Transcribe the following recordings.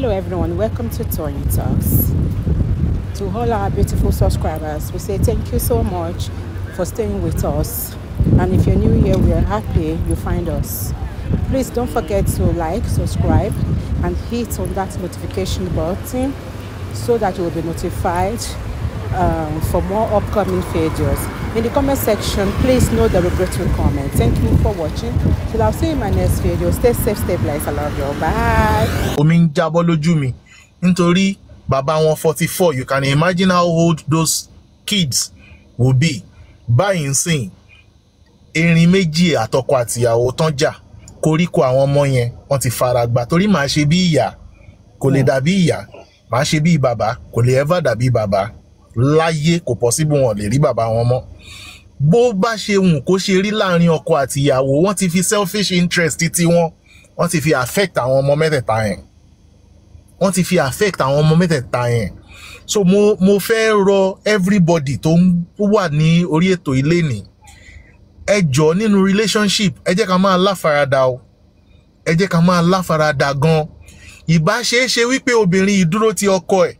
Hello everyone, welcome to Tony Talks. To all our beautiful subscribers, we say thank you so much for staying with us. And if you're new here, we are happy you find us. Please don't forget to like, subscribe, and hit on that notification button so that you will be notified um, for more upcoming videos. in the comment section please note the regretful comment thank you for watching till i'll see you in my next video stay safe stay blessed i love you bye. omi ń jábọ́ lójú mi nítorí bàbá wọn forty four you can imagine how old those kids will be báyìí ń sìn erin méjì àtọkọ àtìyàwó tán jà koríko àwọn ọmọ yẹn wọ́n ti fara gbà torí màá ṣe bí ìyá kò lè hmm. dàbí ìyá màá ṣe bí bàbá kò lè ever dàbí bàbá láyé kò pọ́síbù wọn lè rí bàbá wọn mọ́ bó bá ṣe wù kó ṣe rí láàrin ọkọ àti ìyàwó wọ́n ti fi selfish interest ti wọn wọ́n ti fi affect àwọn ọmọ mẹ́tẹ̀ẹ̀ta yẹn wọ́n ti fi affect àwọn ọmọ mẹ́tẹ̀ẹ̀ta yẹn so mo mo fẹ́ rọ everybody tó wà ní orí ètò ilé ni ẹ jọ̀ọ́ nínú relationship ẹ jẹ́ ká máa láfaradà o ẹ jẹ́ ká máa láfaradà gan ìbá ṣeé wípé obìnrin ìdúró ti ọkọ ẹ̀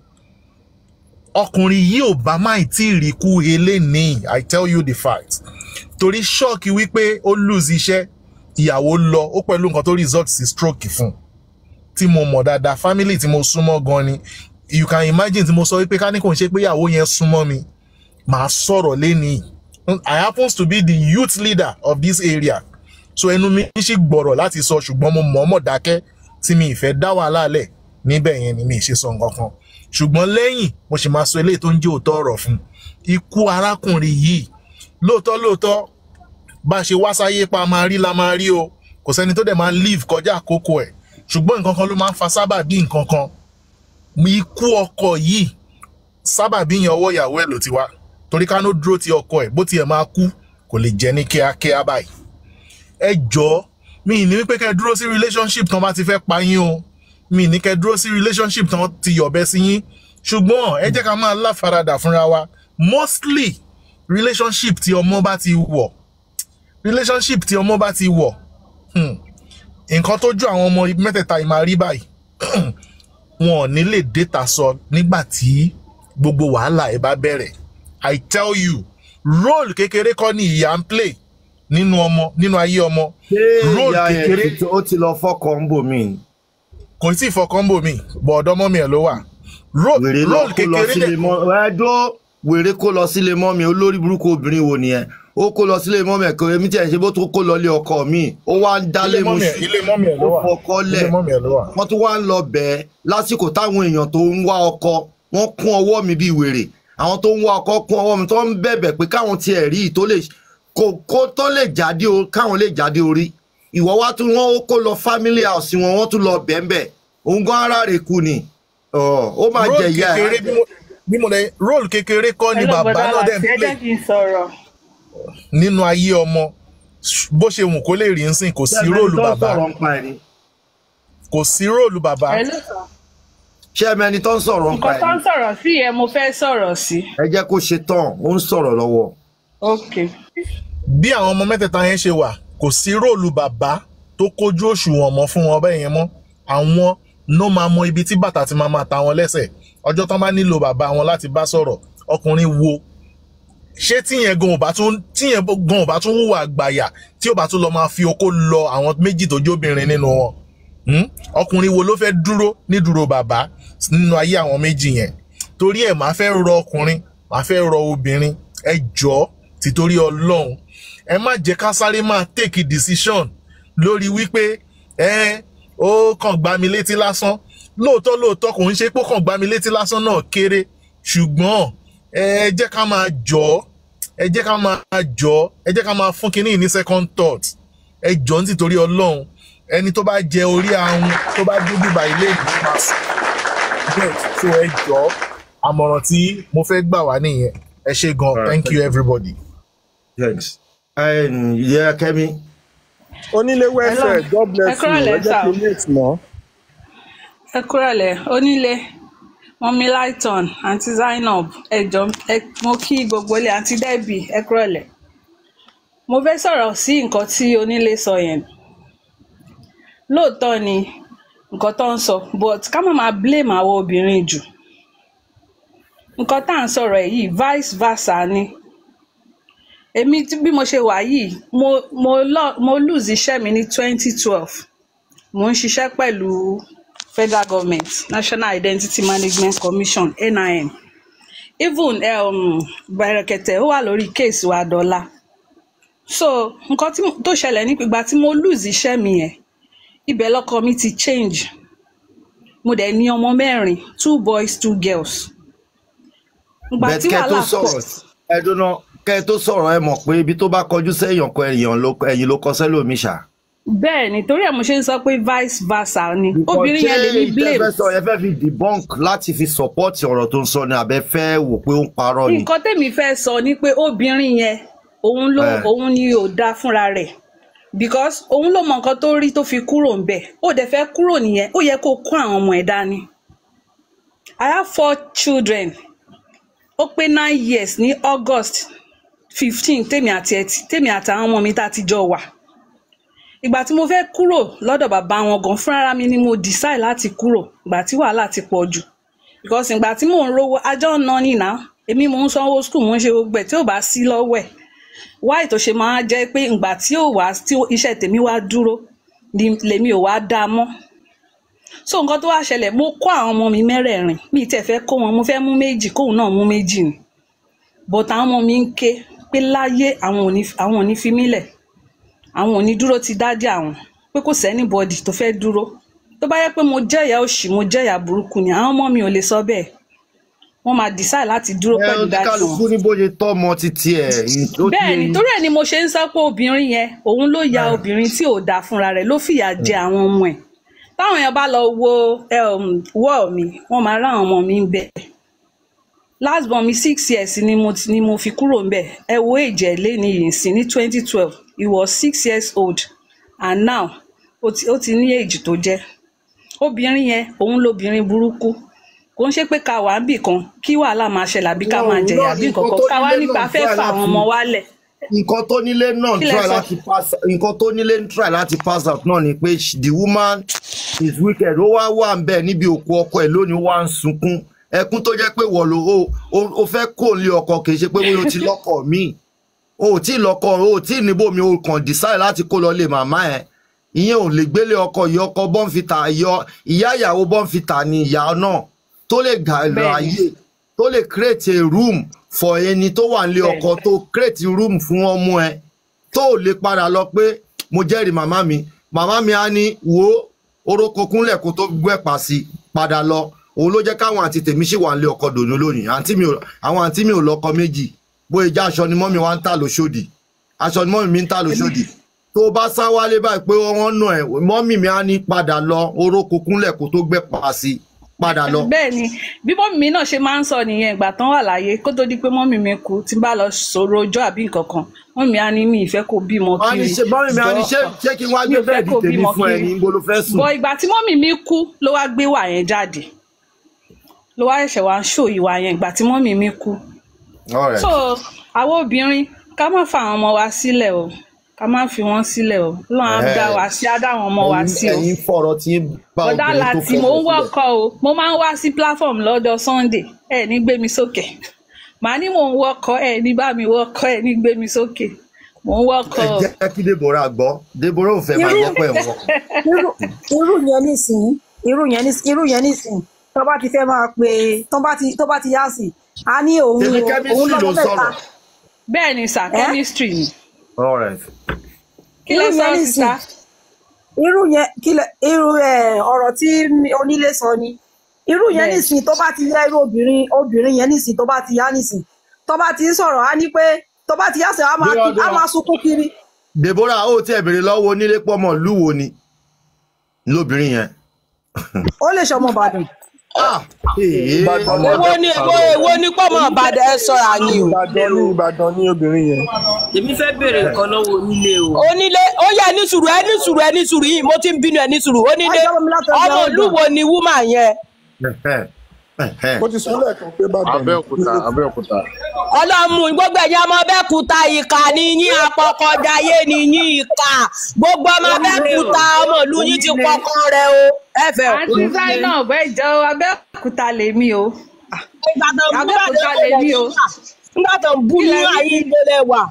ọkùnrin yìí ò bá máì tí ì rí kú eléyìí i tell you the fact torí ṣọ́ọ̀kì wípé ó lose iṣẹ́ ìyàwó lọ ó pẹ̀lú nǹkan tó result sí stroke fún tí mo mọ̀ dáadáa family tí mo súnmọ́ gan ni you can imagine tí mo sọ wípé ká ní kò ń ṣe pé ìyàwó yẹn súnmọ́ mi màá sọ̀rọ̀ lẹ́nìí i happens to be the youth leader of this area so ẹnu mi ṣì gbọ̀rọ̀ láti sọ ṣùgbọ́n mo mọ̀ọ́mọ̀ dákẹ́ tí mi ìfẹ́ dá wàhálà lẹ̀ níbẹ̀ yẹn ni mi ì ṣe sọ nǹkan kan ṣùgbọ́n lẹ́yìn mo sì máa sọ eléyìí tó ń jẹ́ òótọ́ ọ̀rọ̀ fún ikú arákùnrin yìí lóòótọ́ lóòótọ́ bá a ṣe wá sáyé pa máa rí la máa rí o kò sẹ́ni tó dẹ̀ máa live kọjá àkókò ẹ̀ ṣùgbọ́n nǹkan kan ló máa ń fa sábàbí nǹkan kan ikú ọkọ yìí sábàbí yan ọwọ́ ìyàwó ẹ̀ ló ti wá torí kánú dúró ti ọkọ ẹ̀ bó tiẹ̀ máa kú kò lè jẹ́ ní kíákíá báyìí ẹ jọ̀ọ́ mi ì ní wípé kẹ́ dúró sí relationship tán bá ti fẹ́ pa yín o mi ní kẹ́ dúró sí relationship tán ti yọ̀bẹ sí yín ṣùgbọ́n ẹ jẹ́ ká máa láfaradà fúnra wa mostly relationship tí ọmọ bá ti wọ̀ relationship tí ọmọ bá ti wọ̀ hmm, nǹkan tó ju àwọn ọmọ mẹ́tẹ̀ẹ̀ta yìí máa rí báyìí wọn ò ní lè déta sọ nígbà tí gbogbo wàhálà ẹ bá bẹ̀rẹ̀ i tell you role kékeré kọ́ ni ìyá ń play nínú ọmọ nínú ayé ọmọ role kékeré. ṣé ìyá ẹ̀ ó ti lọ fọ́kọ̀ bò míì kò sí ìfọkànbò mi bọ̀ ọ̀dọ́ mọ́mí ẹ̀ ló wà. roll kékeré ẹ̀dọ́ wèrè kó lọ sílé mọ́mí olórí burúkú obìnrin wo nìyẹn ó kó lọ sílé mọ́mí ẹ̀ kan èmi tí ẹ̀ ṣe bó tó kó lọ ilé ọkọ mi ó wá ń dálé mu sùn ó fọkọ́lẹ̀ wọ́n tún wá ń lọ bẹ́ẹ̀ lásìkò táwọn èèyàn tó ń wá ọkọ wọ́n kún ọwọ́ mi bíi wèrè àwọn tó ń wá ọkọ kún ọwọ́ mi tó ń bẹ̀bẹ̀ pé káwọn tiẹ̀ rí i tó lè jáde orí ìwọ wá tún wọn kó lọ family house wọn wọn tún lọ bẹ́ẹ̀nbẹ́ẹ̀ òun gan ara rẹ̀ kù ni ó máa jẹ ìyá ẹ̀. role kékeré kọ́ ni bàbá náà dẹ̀ ń play nínú ayé ọmọ bó ṣe wù kó lè rí nsìn kò sí róòlù bàbá kò sí róòlù bàbá. ṣé ẹ mẹni tó ń sọ̀rọ̀ nípa ẹ̀. nǹkan tó ń sọ̀rọ̀ sí yẹn mo fẹ́ sọ̀rọ̀ sí. ẹ jẹ́ kó ṣe tán ó ń sọ̀rọ̀ lọ́wọ́. ok. bí àwọn ọmọ mẹ́tẹ̀ẹ̀ta yẹn ṣe wà kò sí róòlù bàbá tó kójú òṣùwọ̀n mọ́ fún wọn bẹ́ẹ̀ yẹn mọ́ àwọn ló máa mọ ibi tí bàtà ti máa máa ta wọn lẹ́sẹ̀ ọjọ́ tán bá nílò bàbá wọn láti bá sọ̀rọ̀ ọkùnrin wo ṣé tíyẹn gan ò bá tún tíyẹn gan ò bá tún hùwà àgbàyà tí ò bá tún lọ máa fi okó lọ àwọn méjì tó jóbìnrin nínú wọn hmm? ọkùnrin wo ló fẹ́ dúró nídúró bàbá nínú ayé àwọn méjì yẹn torí ẹ̀ máa fẹ́ rọ ọkùnrin máa fẹ́ rọ obìnrin ẹ jọ̀ọ́ tìtorí Ọlọ́run ẹ má jẹ́ ká sáré máa take decision lórí wípé ẹ ó kàn gbá mi létí lásán lóòótọ́ lóòótọ́ kò ń ṣe pé ó kàn gbá mi létí lásán náà kéré ṣùgbọ́n ẹ jẹ́ ká máa jọ ẹ jẹ́ ká máa jọ ẹ jẹ́ ká máa fún kinní ní second thought ẹ jọ ní títorí ọlọ́run ẹni tó bá jẹ orí ahun tó bá dé bíbá ilé ìlú máa sùn bẹ́ẹ̀ tó ẹ jọ àmọ̀ràn tí mo fẹ́ gbà wá nìyẹn ẹ ṣé gan thank you everybody. Thanks. ìyá kẹ́mi. onílé welfare god bless you ẹ jẹ́ kí n lè tì mọ́. ẹ kúrọ̀lẹ́ onílé mọ́mí lighton àǹtí zainab mo kí gbogbo ilé àǹtí onile ẹ kúrọ̀lẹ́. mo fẹ́ sọ̀rọ̀ sí nǹkan tí onílé sọ yẹn lóòótọ́ ni nǹkan tó ń sọ but ká má máa blame àwọn obìnrin jù nǹkan tá à ń sọ̀rọ̀ yìí vice versa ni èmi bí mo ṣe wà yìí mo mo lọ mo lose iṣẹ́ mi ní twenty twelve mo ń ṣiṣẹ́ pẹ̀lú federal government national identity management commission nim even um, bẹ̀rẹ̀kẹ̀tẹ̀ ó wà lórí case wa dọ́là so nǹkan tó ṣẹlẹ̀ ní ìgbà tí mo lose iṣẹ́ mi yẹn ibẹ̀ lọ́kọ mi ti change mo dẹ̀ ní ọmọ mẹ́rin two boys two girls. bẹ̀ẹ̀kẹ́ tó sọ̀rọ̀ ẹ̀dùn náà kẹ́ ẹ tó sọ̀rọ̀ ẹ mọ̀ pé ibi tó bá kọjú sẹ́yìn kan ẹ̀yìn ló kọ sẹ́lómi ṣá. bẹ́ẹ̀ ni torí ẹ̀ mo ṣe ń sọ pé vice versa ni obìnrin yẹn lè ní blame. ìkọ̀jẹ́ ẹ fẹ́ fi debunk láti fi support ọ̀rọ̀ tó ń sọ ni àbẹ́ fẹ́ wò pé ó ń parọ́ ni. nǹkan tèmi fẹ́ sọ ni pé obìnrin yẹn òun ló eh. òun ni ò dáa fúnra rẹ̀ because òun ló mọ nǹkan tó rí tó fi kúrò ń bẹ̀ ó dẹ̀ fẹ́ kúrò nìyẹn ó yẹ kó kó àwọn ọmọ ẹ̀ dání. I have four children ó pé nine years ní August fifteen tèmi àti ẹtì tèmi àtàwọn ọmọ mi tá a ti jọ wà ìgbà tí mo fẹ́ kúrò lọ́dọ̀ bàbá wọn gan fúnra mi ni mo decide láti kúrò ìgbà tí wàhálà ti pọ̀ jù because ìgbà tí mò ń rówó ajọ́ ń ná nìyà èmi mò ń sanwó school mò ń ṣe gbogbo ẹ̀ tí ò bá sí lọ́wọ́ ẹ̀ wáì tó ṣe máa jẹ́ pé ìgbà tí ò wá tí iṣẹ́ tèmi wá dúró lèmi ò wá dá mọ́ so nǹkan tó wá ṣẹlẹ̀ mo kó àwọn ọmọ mi mẹ́rẹ̀ẹ̀rin mi tẹ̀ fẹ́ kó wọn mo fẹ́ mú méjì kóun náà mú méjì ni but àwọn ọmọ mi ń ké pé láyé àwọn ò ní àwọn ò ní fi mí lẹ̀ àwọn ò ní dúró ti dádì àwọn pé kò sẹ́ni bọ́dì tó fẹ́ dúró tó bá yẹ pé mo jẹ́yà òṣì mo jẹ́yà burúkú ni àwọn ọmọ mi ò lè sọ bẹ́ẹ̀ wọ́n máa decide láti dúró pẹ̀lú dádì wọn. ẹ kálukú ní bóyá tọ́mọ títí ẹ̀. bẹ́ẹ̀ torí ẹ̀ ni mo ṣe ń sọ obìnrin yẹn òun ló ya obìnrin tí ò dáa fúnra rẹ̀ ló fìyà jẹ àwọn ọmọ ẹ̀ táwọn èèyàn bá lọ wo wọ́ọ̀ mi wọ́n máa rá àwọn ọmọ mi ń bẹ́ẹ̀ last born mi six years ni mo ni mo fi kúrò ńbẹ̀ ẹ wo èjẹ lẹni yìí sí ní twenty twelve he was six years old and now ó ti ó ti ní èjì tó jẹ́ obìnrin yẹn òun lobìnrin burúkú kò ń ṣe pé ká wà bì kan kí wàhálà máa ṣẹlẹ̀ àbí ká máa jẹyà àbí nǹkan ká wá nípa fẹ́ fà àwọn ọmọ wálẹ̀. nǹkan tó nílé náà try láti pass nǹkan tó nílé ń try láti pass out náà ni pé the woman is wicked ó wá wà ń bẹ̀ níbi òkú ọkọ ẹ̀ lónìí wá ń sunkún ẹkún tó jẹ́ pé wọ̀ ló o fẹ́ kó lé ọkọ kì í ṣe pé bóyá o ti lọ́kọ mi o ti lọ́kọ o ti níbo mi o kàn decide láti kó lọ lé màmá ẹ̀ ìyẹn ò lè gbélé ọkọ ìyá ọkọ bọ́ǹfìtà ìyá ìyàwó bọ́ǹfìtà ni ìyá náà tó lè gà láàyè tó lè create a room for ẹni tó wà nílé ọkọ tó create room fún ọmọ ẹ tó lè padà lọ pé mo jẹ́rìí màmá mi màmá mi á ní wo orókokúnlẹ̀ kó tó gbẹ̀pà sí padà lọ òun ló jẹ́ káwọn àti tèmi sì wà ń lé ọkọ dòdò lónìí àwọn àǹtí mi ò lọ́kọ méjì bó ìjà aṣọ ni mọ́mi wa ń tà lóṣòdì aṣọ ni mọ́mi mi ń tà lóṣòdì tó bá sá wálé báyìí pé wọ́n nà ẹ̀ mọ́mi mi á ní padà lọ orókó kúnlẹ̀ kó tó gbẹ pa sí padà lọ. bẹ́ẹ̀ni bí mọ́mì mi náà ṣe máa ń sọ nìyẹn ìgbà tán wà láyé kó tó di pé mọ́mì mi kú tí n bá lọ sọ̀rọ̀ ọjọ́ àbí nǹkan kan mọ́mì mi á ní mi ìfẹ́ kó bímọ kiri. mọ́mì mi á ní ṣé kí n wá gbé bẹ́ẹ̀ di tèmi fún ẹ ní gbolo fẹ́ sùn. bọ ìgbà tí mọ́mì mi kú ló wá gbé wà yẹn jáde ló wá ṣẹ̀ṣẹ̀ wá ń ṣò ìwà yẹn ìgbà tí mọ́mì mi kú. so àwọn obìnrin ká má fa àwọn ọmọ wa sílẹ̀ o ká má fi wọ́n sílẹ̀ o lọ́n á dá wa sí á dá àwọn ọmọ wa sí o. ẹ̀yin fọ̀rọ̀ tí ń bá obìnrin tó kọ́ ọ̀dà láti mò ń wọ́kọ̀ o mo máa ń wá sí platform lọ́jọ́ Sunday ẹ̀ ní gbé mi sókè màá ní mò ń wọ́kọ̀ ẹ̀ ní bá mi wọ́kọ̀ ẹ̀ ní gbé mi sókè mò ń wọ́kọ̀. ẹ jẹ́ kí Deborah gbọ́ Deborah ò fẹ́ máa gbọ́ pẹ̀ wọ́n. irú yẹn nísìnyí irú yẹn nísìnyí tó bá ti fẹ́ máa pe tó bá ti yá sí a ní òun òun lọ́wọ́ mẹ́ta. bẹ́ẹ̀ ni sir chemistry ni. kí ló sọ ọ́ sísá. irú yẹn irú ọ̀rọ̀ tí onílé sọ ni irú yẹn nísìnyí tó bá ti yá irú obìnrin obìnrin yẹn nísìnyí tó bá ti yá nísìnyí tó bá ti ń sọ̀rọ̀ á ní pé tó bá ti yá sọ á máa sunkún kiri. Deborah ó tiẹ̀ béèrè lọ́wọ́ onílé pọ́mọ lúwo ni lóbìnrin yẹn. ó lè ṣọmọ Ìbàdàn. Ah, èwo ni èwo ni pọ́mọ ẹ sọ àní o. Ìbàdàn ní Ìbàdàn ní obìnrin yẹn. Èmi fẹ́ bèrè nǹkan lọ́wọ́ onílé o. Onílé ó yẹ ní sùúrù ẹ ní sùúrù ẹ yìí mo ti ń bínú ẹni ọmọ ni wúmà yẹn. mo ti sọ lẹ́ẹ̀kan pé bá gbogbo ẹ̀yin ọmọ abẹ́òkúta ìkà ni yín apọkọjayé ni yín ìkà gbogbo ọmọ abẹ́òkúta ọmọ ìlú yín ti pọkọ rẹ o ẹ fẹ́ òkú. àǹtí zainab ẹjọ abẹ́òkúta lèmi o abẹ́òkúta lèmi o. nígbà tó ń bú ní ayé ìgbélé wa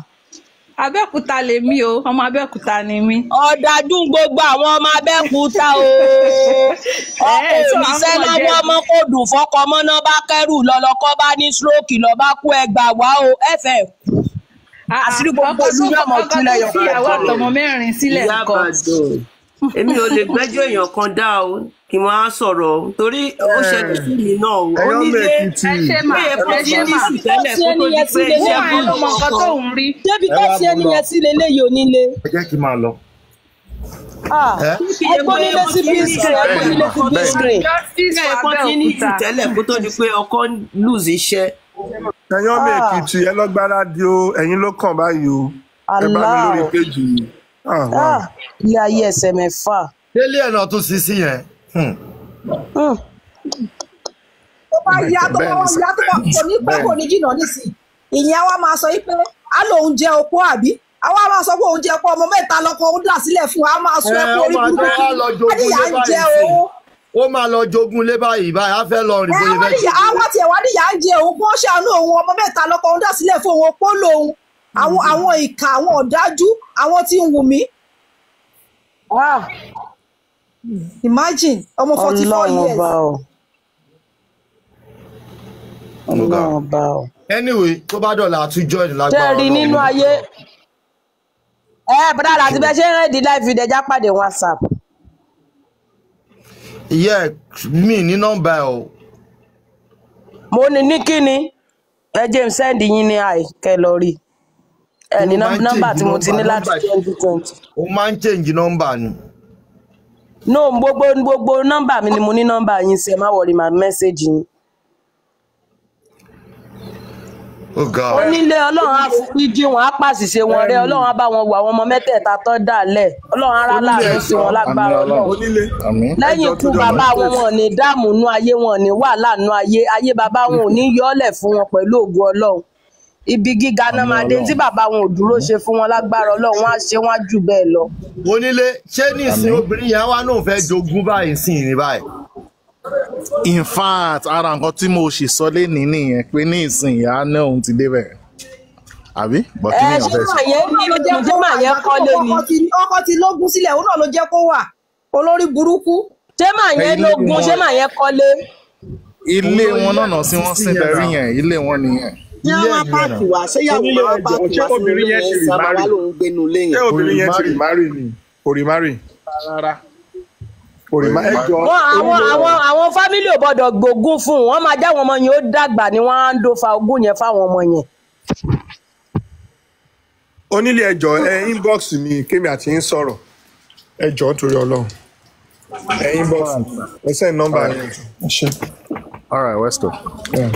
abẹ́òkúta lèmi o ọmọ abẹ́òkúta ni mí. ọ̀dàdún gbogbo àwọn ọmọ abẹ́òkúta o ọkọ òbí sẹ́nà mú ọmọ kò dùn fọkọ mọ́nà bá kẹ́rù lọ́lọ́kọ́ bá ní sírókì lọ́ba kú ẹgbà wá o ẹ̀fẹ̀ ah, àṣírí gbogbo olúyọ̀mọ̀ túlẹ̀ yọ̀kọ̀ ọ̀tọ̀ ìyá bàdàn èmi ò lè gbẹ́jọ́ èèyàn kan dá o kì máa sọ̀rọ̀ torí ó ṣẹlẹ̀ sí mi náà ó nílé pé epo ti ní ìsìtẹ́lẹ̀ kó tó di pé iṣẹ́ búrú. débi ká ṣe ẹni yẹn sí leléyìí onílé. ẹ jẹ́ kí n máa lọ. ẹ̀gbọ́n nílé sí bísírì ẹ̀gbọ́n nílé sí bísírì. pé ti ní ìsìtẹ́lẹ̀ kó tó di pé ọkọ lùzì iṣẹ́. ẹ̀yin ọmọ èkìtì ẹ lọ gbáradì o ẹ̀yin ló kàn báyìí o ẹ bá mi lórí péjì yìí. Ah, ah, ilé ayé ẹsẹ̀ mẹ́fà. délé ẹ̀ náà tún sí sí yẹn. Hmm. Hmm. tó bá ya tó bá wọn ya tó bá kò ní pẹ́ kò ní jìnnà nísìnyí ìyẹn wa máa sọ pé a lòun jẹ opó àbí àwa máa sọ pé òun jẹ opó ọmọ mẹ́ta lọkọ òun dà sílẹ̀ fún wa a máa sọ ẹ̀kọ́ orí burúkú kí adìyà ń jẹ owó ó máa lọ jogún lé báyìí báyìí á fẹ́ lọ rìn bóyá bẹ́ẹ̀. àwọn tiẹ̀ wá níyà ń jẹ òun kó ṣàánú òun ọmọ mẹ́ta lọ́kọ òun dá sílẹ̀ fún òun pólò òun àwọn mm-hmm. àwọn ìka àwọn ọ̀dájú àwọn tí ń wù mí. Ah. imagine ọmọ forty four years. ọlọ́run ọba o. ọlọ́run ọba o. anyway tó bá dọ̀la àtújọ́ ìlú lágbára ọlọ́run. tẹ́rì nínú ayé ẹ bọ́dà láti bẹ́ẹ̀ ṣe ń rẹ́ẹ̀dì live video ẹja pàdé whatsapp. ìyá ẹ mi ní nọ́mbà ẹ o. mo ní ní kíni ẹ jẹ́ ń yín ní àìkẹ́ lọ rí i ẹ ní nọ́mbà tí mo ti ní láti twenty twenty. o máa ń change nọ́mbà ni. no gbogbo gbogbo nọ́mbà mi ni mo ní nọ́mbà yín sí ẹ má wọrí màá mẹ́sẹ̀gì yín. onílé ọlọ́run á fi jí wọn á pàṣìṣe wọn rẹ ọlọ́run á bá wọn wo àwọn ọmọ mẹ́tẹ̀ẹ̀ta tó dà lẹ̀ ọlọ́run ará láàrin sí wọn lágbára ọlọ́run lẹ́yìn ikú bàbá wọn wọn ní dààmú nú ayé wọn ní wàhálà nú ayé ayé bàbá wọn ò ní yọ́ọ̀lẹ̀ fún wọn pẹ̀lú ògùn ọlọ́run ibi gíga náà máa dé tí bàbá wọn ò dúró ṣe fún wọn lágbára Ọlọ́run wọn á ṣe wọn á jù bẹ́ẹ̀ lọ. onílé ṣé ní ìsìn obìnrin yẹn wá náà fẹ́ jogún báyìí sí ìrìn báyìí. in fact ara nǹkan tí mo ṣì sọ lẹ́nìí nìyẹn pé ní ìsìn ìyá náà òun ti débẹ̀ àbí ẹ ṣé màá yẹn ṣé màá yẹn kọ́ lé ni. ọkọ ti lógún sílẹ̀ òun náà ló jẹ́ kó wà olórí burúkú. ṣé màá yẹn lógún ṣé màá yẹn kọ́ lé. ilé wọn náà sí wọn sí bẹ̀rẹ̀ yẹn ilé wọn nìyẹn ní àwọn apáàkì wá ṣéyàwó lè wọ́n apáàkì wá sínú ilé yẹn sábà wà ló ń gbénu léyìn. ṣé obìnrin yẹn ti rí mari ni orimari. rárá òrìmá ẹjọ. àwọn àwọn àwọn fámílì ò gbọ́dọ̀ gbógun fún wọn máa jáwọn ọmọ yẹn ó dàgbà ni wọn á ń do fa ogún yẹn fáwọn ọmọ yẹn. onílé ẹjọ ẹ inbox mi kémi àti ń sọ̀rọ̀ ẹjọ torí Ọlọ́run ẹ inbox ẹ send number all right let's go. Yeah.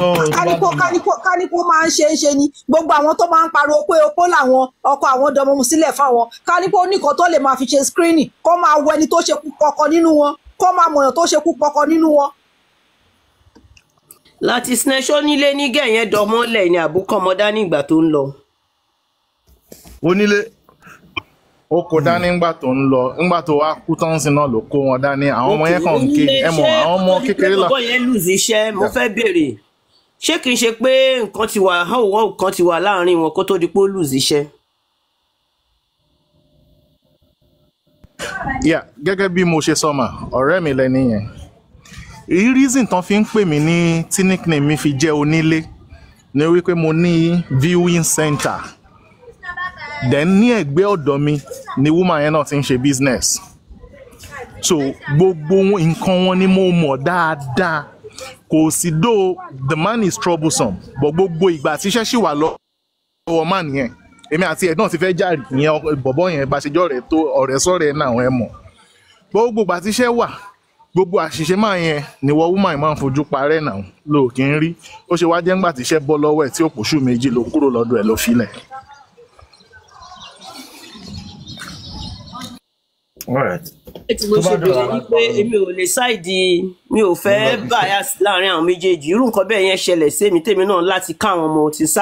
káníkó máa ń ṣe é ṣe ni gbogbo àwọn tó máa ń pariwo pé opó làwọn ọkọ àwọn dọmọmù sílẹ̀ fáwọn káníkó nìkan tó lè máa fi ṣe skírínì kó máa wo ẹni tó ṣe kú pọkọ nínú wọn kó máa mọ̀yàn tó ṣe kú pọkọ nínú wọn. láti nílé ní ni dání ìgbà tó ń lọ. onílé dání ngbà tó ń lọ ngbà tó wá kú tán sí wọn dání àwọn ọmọ yẹn kàn ń ké ẹ mọ àwọn ṣé kìí ṣe pé nǹkan ti wà họ́wọ́ nǹkan ti wà láàrin wọn kó tó di pé ó lùzí iṣẹ́. yeah gẹ́gẹ́ bí mo ṣe sọ ọ̀rẹ́ mi lẹ́ni yẹn reason tán fi ń pè mí ní tí nickname mi fi jẹ́ onílé ni wípé mo ní viewing center then ní ẹ̀gbẹ́ ọ̀dọ̀ mi ni woman yẹn náà ti ń ṣe business so gbogbo nǹkan wọn ni mo mọ̀ dáadáa kò sí dó the man is troublesome but gbogbo ìgbà tí iṣẹ́ ṣì wà lọ́wọ́ man yẹn èmi àti ẹ̀ náà ti fẹ́ jàrí ìyẹn bọ̀bọ̀ yẹn bá ṣe jọ rẹ̀ tó ọ̀rẹ́ sọ̀rẹ́ náà ẹ mọ̀ gbogbo ìgbà tí iṣẹ́ wà gbogbo àṣìṣe máa yẹn ni wọ́n woman máa ń fojú parẹ́ náà lò kí n rí ó ṣe wá jẹ́ ńgbà tí iṣẹ́ bọ́ lọ́wọ́ ẹ̀ tí òpòṣù méjì ló kúrò lọ́dọ̀ ẹ̀ ló filẹ̀. ètò mo ṣe bèrè ni pé èmi ò lè ṣáìdì mi ò fẹ́ bias láàrin àwọn méjèèjì irú nǹkan bẹ́ẹ̀ yẹn ṣẹlẹ̀ sí èmi tèmi náà láti ká àwọn ọmọ ti sá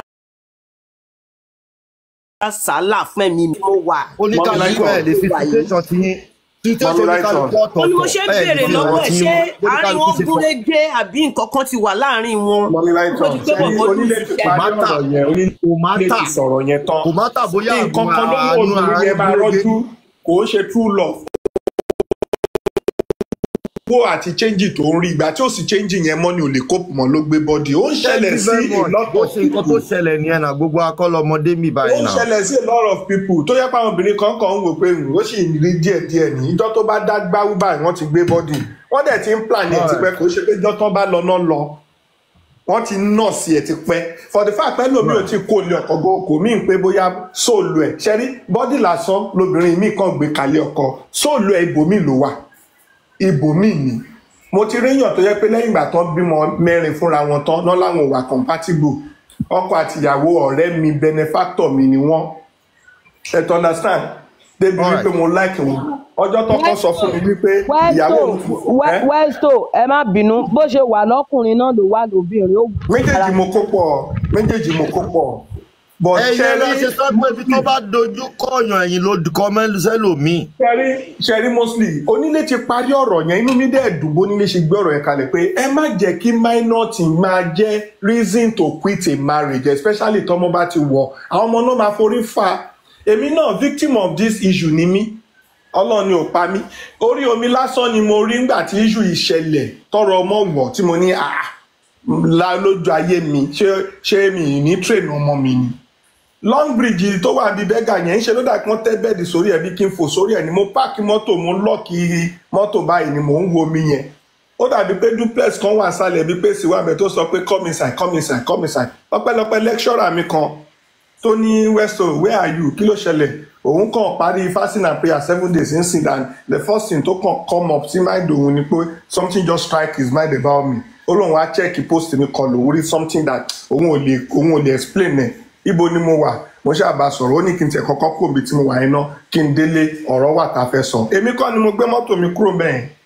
sàálà fún ẹ̀mí mi mo wà. oníkàlùkù ẹ̀ lè fi situation ti yín ó ní mo ṣe ń béèrè lọ́wọ́ ẹ̀ ṣé àárín wọn gúnrégé àbí nǹkan kan ti wà láàárín wọn. kò má tà bóyá àwọn àánú àárín gúnrégé kò ń ṣe true love owó àti change tó ń rí ìgbà tí ó sì change yẹn mọ́ ni ò lè cope mọ́ ló gbé body ó ń ṣẹlẹ̀ sí a lot of people. nǹkan tó ṣẹlẹ̀ ní ẹ̀nà gbogbo akọ́lọ́mọdé mi báyìí náà. ó ń ṣẹlẹ̀ sí a lot of people tó yẹ pé àwọn obìnrin kan kàn ń wò pé hmm, ó sì rí díẹ̀ díẹ̀ ní ìjọ́ tó bá dá gbáwú báyìí wọ́n ti gbé body wọ́n dẹ̀ ti ń plan yẹn tipẹ́ kò ṣe pé ìjọ́ tán bá lọ náà lọ wọ́n ti nọ́ọ̀sì ẹ̀ ti pẹ́ fọ̀dífà pẹ́ lómi ò ti kó lè ọkọ̀ go kò mí pé bóyá sóòlù ẹ̀ ṣẹ́rí bọ́dì lásán lobìnrin mi kàn gbé kalẹ̀ ọkọ̀ sóòlù ẹ̀ ibòmí ló wà ibòmí ni mo ti réyàn tó yẹ pé lẹ́yìn ìgbà tán bímọ mẹ́rin fúnra wọn tán náà láwọn wà compatible ọkọ àtìyàwó ọ̀rẹ́ mi benefactor mi ni wọ́n ẹ̀ tó understand débi wípé mo like wọn ọjọ́ tọkọ sọ fún mi wípé ìyàwó mi fún ẹ. westo ẹ má bínú bó ṣe wà lọ́kùnrin náà ló wà lóbìnrin ó wù. méjèèjì mo kó pọ̀ méjèèjì mo kó pọ̀ bọ̀ ṣẹ́rí ẹ̀yin ló ṣe sọ pé bí wọ́n bá dojú kọ̀yàn ẹ̀yìn ló kọ́ sẹ́lòmíì. ṣẹ́rí ṣẹ́rí mostly onílé ti parí ọ̀rọ̀ yẹn inú mi dẹ̀ dùn bó nílé ṣe gbé ọ̀rọ̀ yẹn kalẹ̀ pé ẹ má jẹ́ kí máínọ́ọ̀tì máa jẹ́ reason to quit a marriage especially tọ́mọ bá ti wọ̀ àwọn ọmọ náà máa forí fa èmi náà victim of this issue ni mí ọlọ́run ni ò pa mí orí omi lásán ni mo rí ńgbà tí issue ìṣẹ̀lẹ̀ tọrọ ọmọ wọ̀ tí mo ní àá la lójú ayé mi ṣé ṣé mi ní train ọmọ mi ni long bridge tó wà bíi bẹ́gà yẹn ń ṣe ló dà kí wọ́n tẹ́ bẹ́ẹ̀dì sórí ẹ̀ bí kí n fò sórí ẹ̀ ni mo páàkì mọ́tò mo lọ́ọ̀kì mọ́tò báyìí ni mò ń wo omi yẹn ó dàbí pé duplex kan wà sálẹ̀ bíi pé síwájú tó sọ pé come inside come inside come inside ọpẹ́lọpẹ́ lecturer mi kan tó ní westo where are you kí ló ṣẹlẹ̀ òun kàn parí fasting and prayer seven days in sin and the first thing tó kàn come up sí mind òun ni pé something just strike his mind about me ó lóun wá check post mi kan lòun rí something that òun ò lè òun ò lè explain ẹ̀ ibo ni mo wà mo ṣàbà sọ̀rọ̀ ó ní kí n tẹ̀ kọ́kọ́ kúrò tí mo wà yẹn kí n délé ọ̀rọ̀ wà tá a fẹ́ sọ èmi kọ́ ni mo gbé mọ́tò mi kúrò bẹ́ẹ̀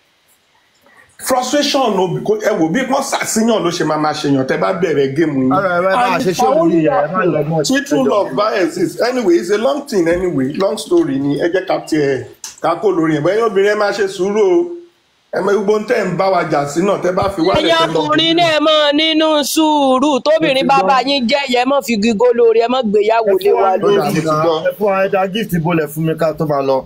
frustration no because ẹ wò bí wọn ṣàṣeyàn ló ṣe máa máa ṣèyàn tẹ bá bẹ̀rẹ̀ géèmù yìí and if àwọn olùyàwó tí true love bá exist anyway it's a long thing anyway long story ni ẹ jẹ́ ká tiẹ̀ ká kó lórí ẹ̀ bẹ́ẹ̀ ni obìnrin ẹ máa ṣe sùúrù o ẹ mọ gbogbo tẹ́ ń bá wa jà sí náà tẹ́ bá fi wá lẹ́sẹ̀ lọ. ẹ̀yin ọkùnrin náà mọ nínú sùúrù tóbìnrin bàbá yín jẹ́ yẹ mọ fi gígó lórí ẹ mọ gbéyàwó lé wa lórí. ẹ fún wa ẹ dá gift bolẹ̀ fún mi ká tó máa lọ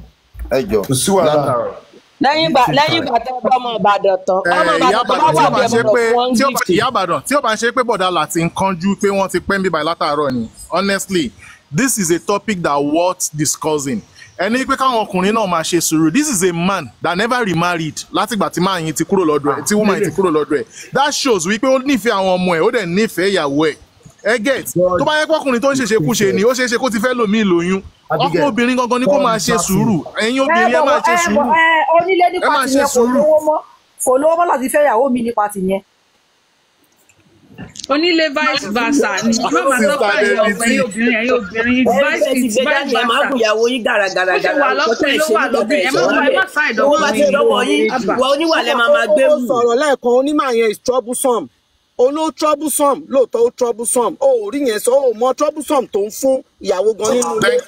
ẹ jọ látara lẹ́yìn ìgbà lẹ́yìn ìgbà tẹ́ bá ọmọ ìbàdàn tán eh, ọmọ ìbàdàn tó bá wà bẹ́ẹ̀ mọ̀ wọ́n gíftì. E. ìyá ìbàdàn tí ó bá ṣe pé bọ̀dà láti ń kánjú pé wọ́n ti pẹ́ ń bíbá látàárọ̀ ni honestly this is a topic that worth discussing ẹni pé káwọn ọkùnrin náà máa ṣe sùúrù this is a man that never remarried látìgbà tí máa yin ti kúrò lọ́dọ̀ ẹ̀ tí woman ti kúrò lọ́dọ̀ ẹ̀ that shows wípé ó nífẹ̀ẹ́ àwọn ọmọ ẹ̀ ó dẹ̀ nífẹ̀ẹ́ ìyàwó ẹ̀ ẹ get tó bá yẹ kọkùnrin tó ń ṣèṣe kú ṣe ni ó ṣeéṣe kó ti fẹ́ lòmíì lóyún ọkùnrin obìnrin gangan ni kó máa ṣe sùúrù ẹ̀yin obìnrin ẹ máa ṣe sùúrù ẹ máa ṣe sùúrù. kò lówó mọ́ láti fẹ́ ìyàwó mi nípa tìyẹn. onílé vice versa ni yóò máa tọ́ka ẹ̀yìn ọ̀gbẹ́yìn obìnrin ẹ̀yìn obìnrin vice vice versa. ẹ máa kú ìyàwó yín gàràgàrà gàrà kó tẹ̀ ṣe lọ́bẹ̀ ẹ̀ máa ẹ máa fà ìdọ̀kùnrin yìí wọ́n ó sọ̀rọ̀ lẹ́ẹ̀kan onímọ̀ òun troublesome lóòótọ́ ó troublesome ó ò rí yẹn sọ ó mọ troublesome tó ń fún ìyàwó gan nínú ilé.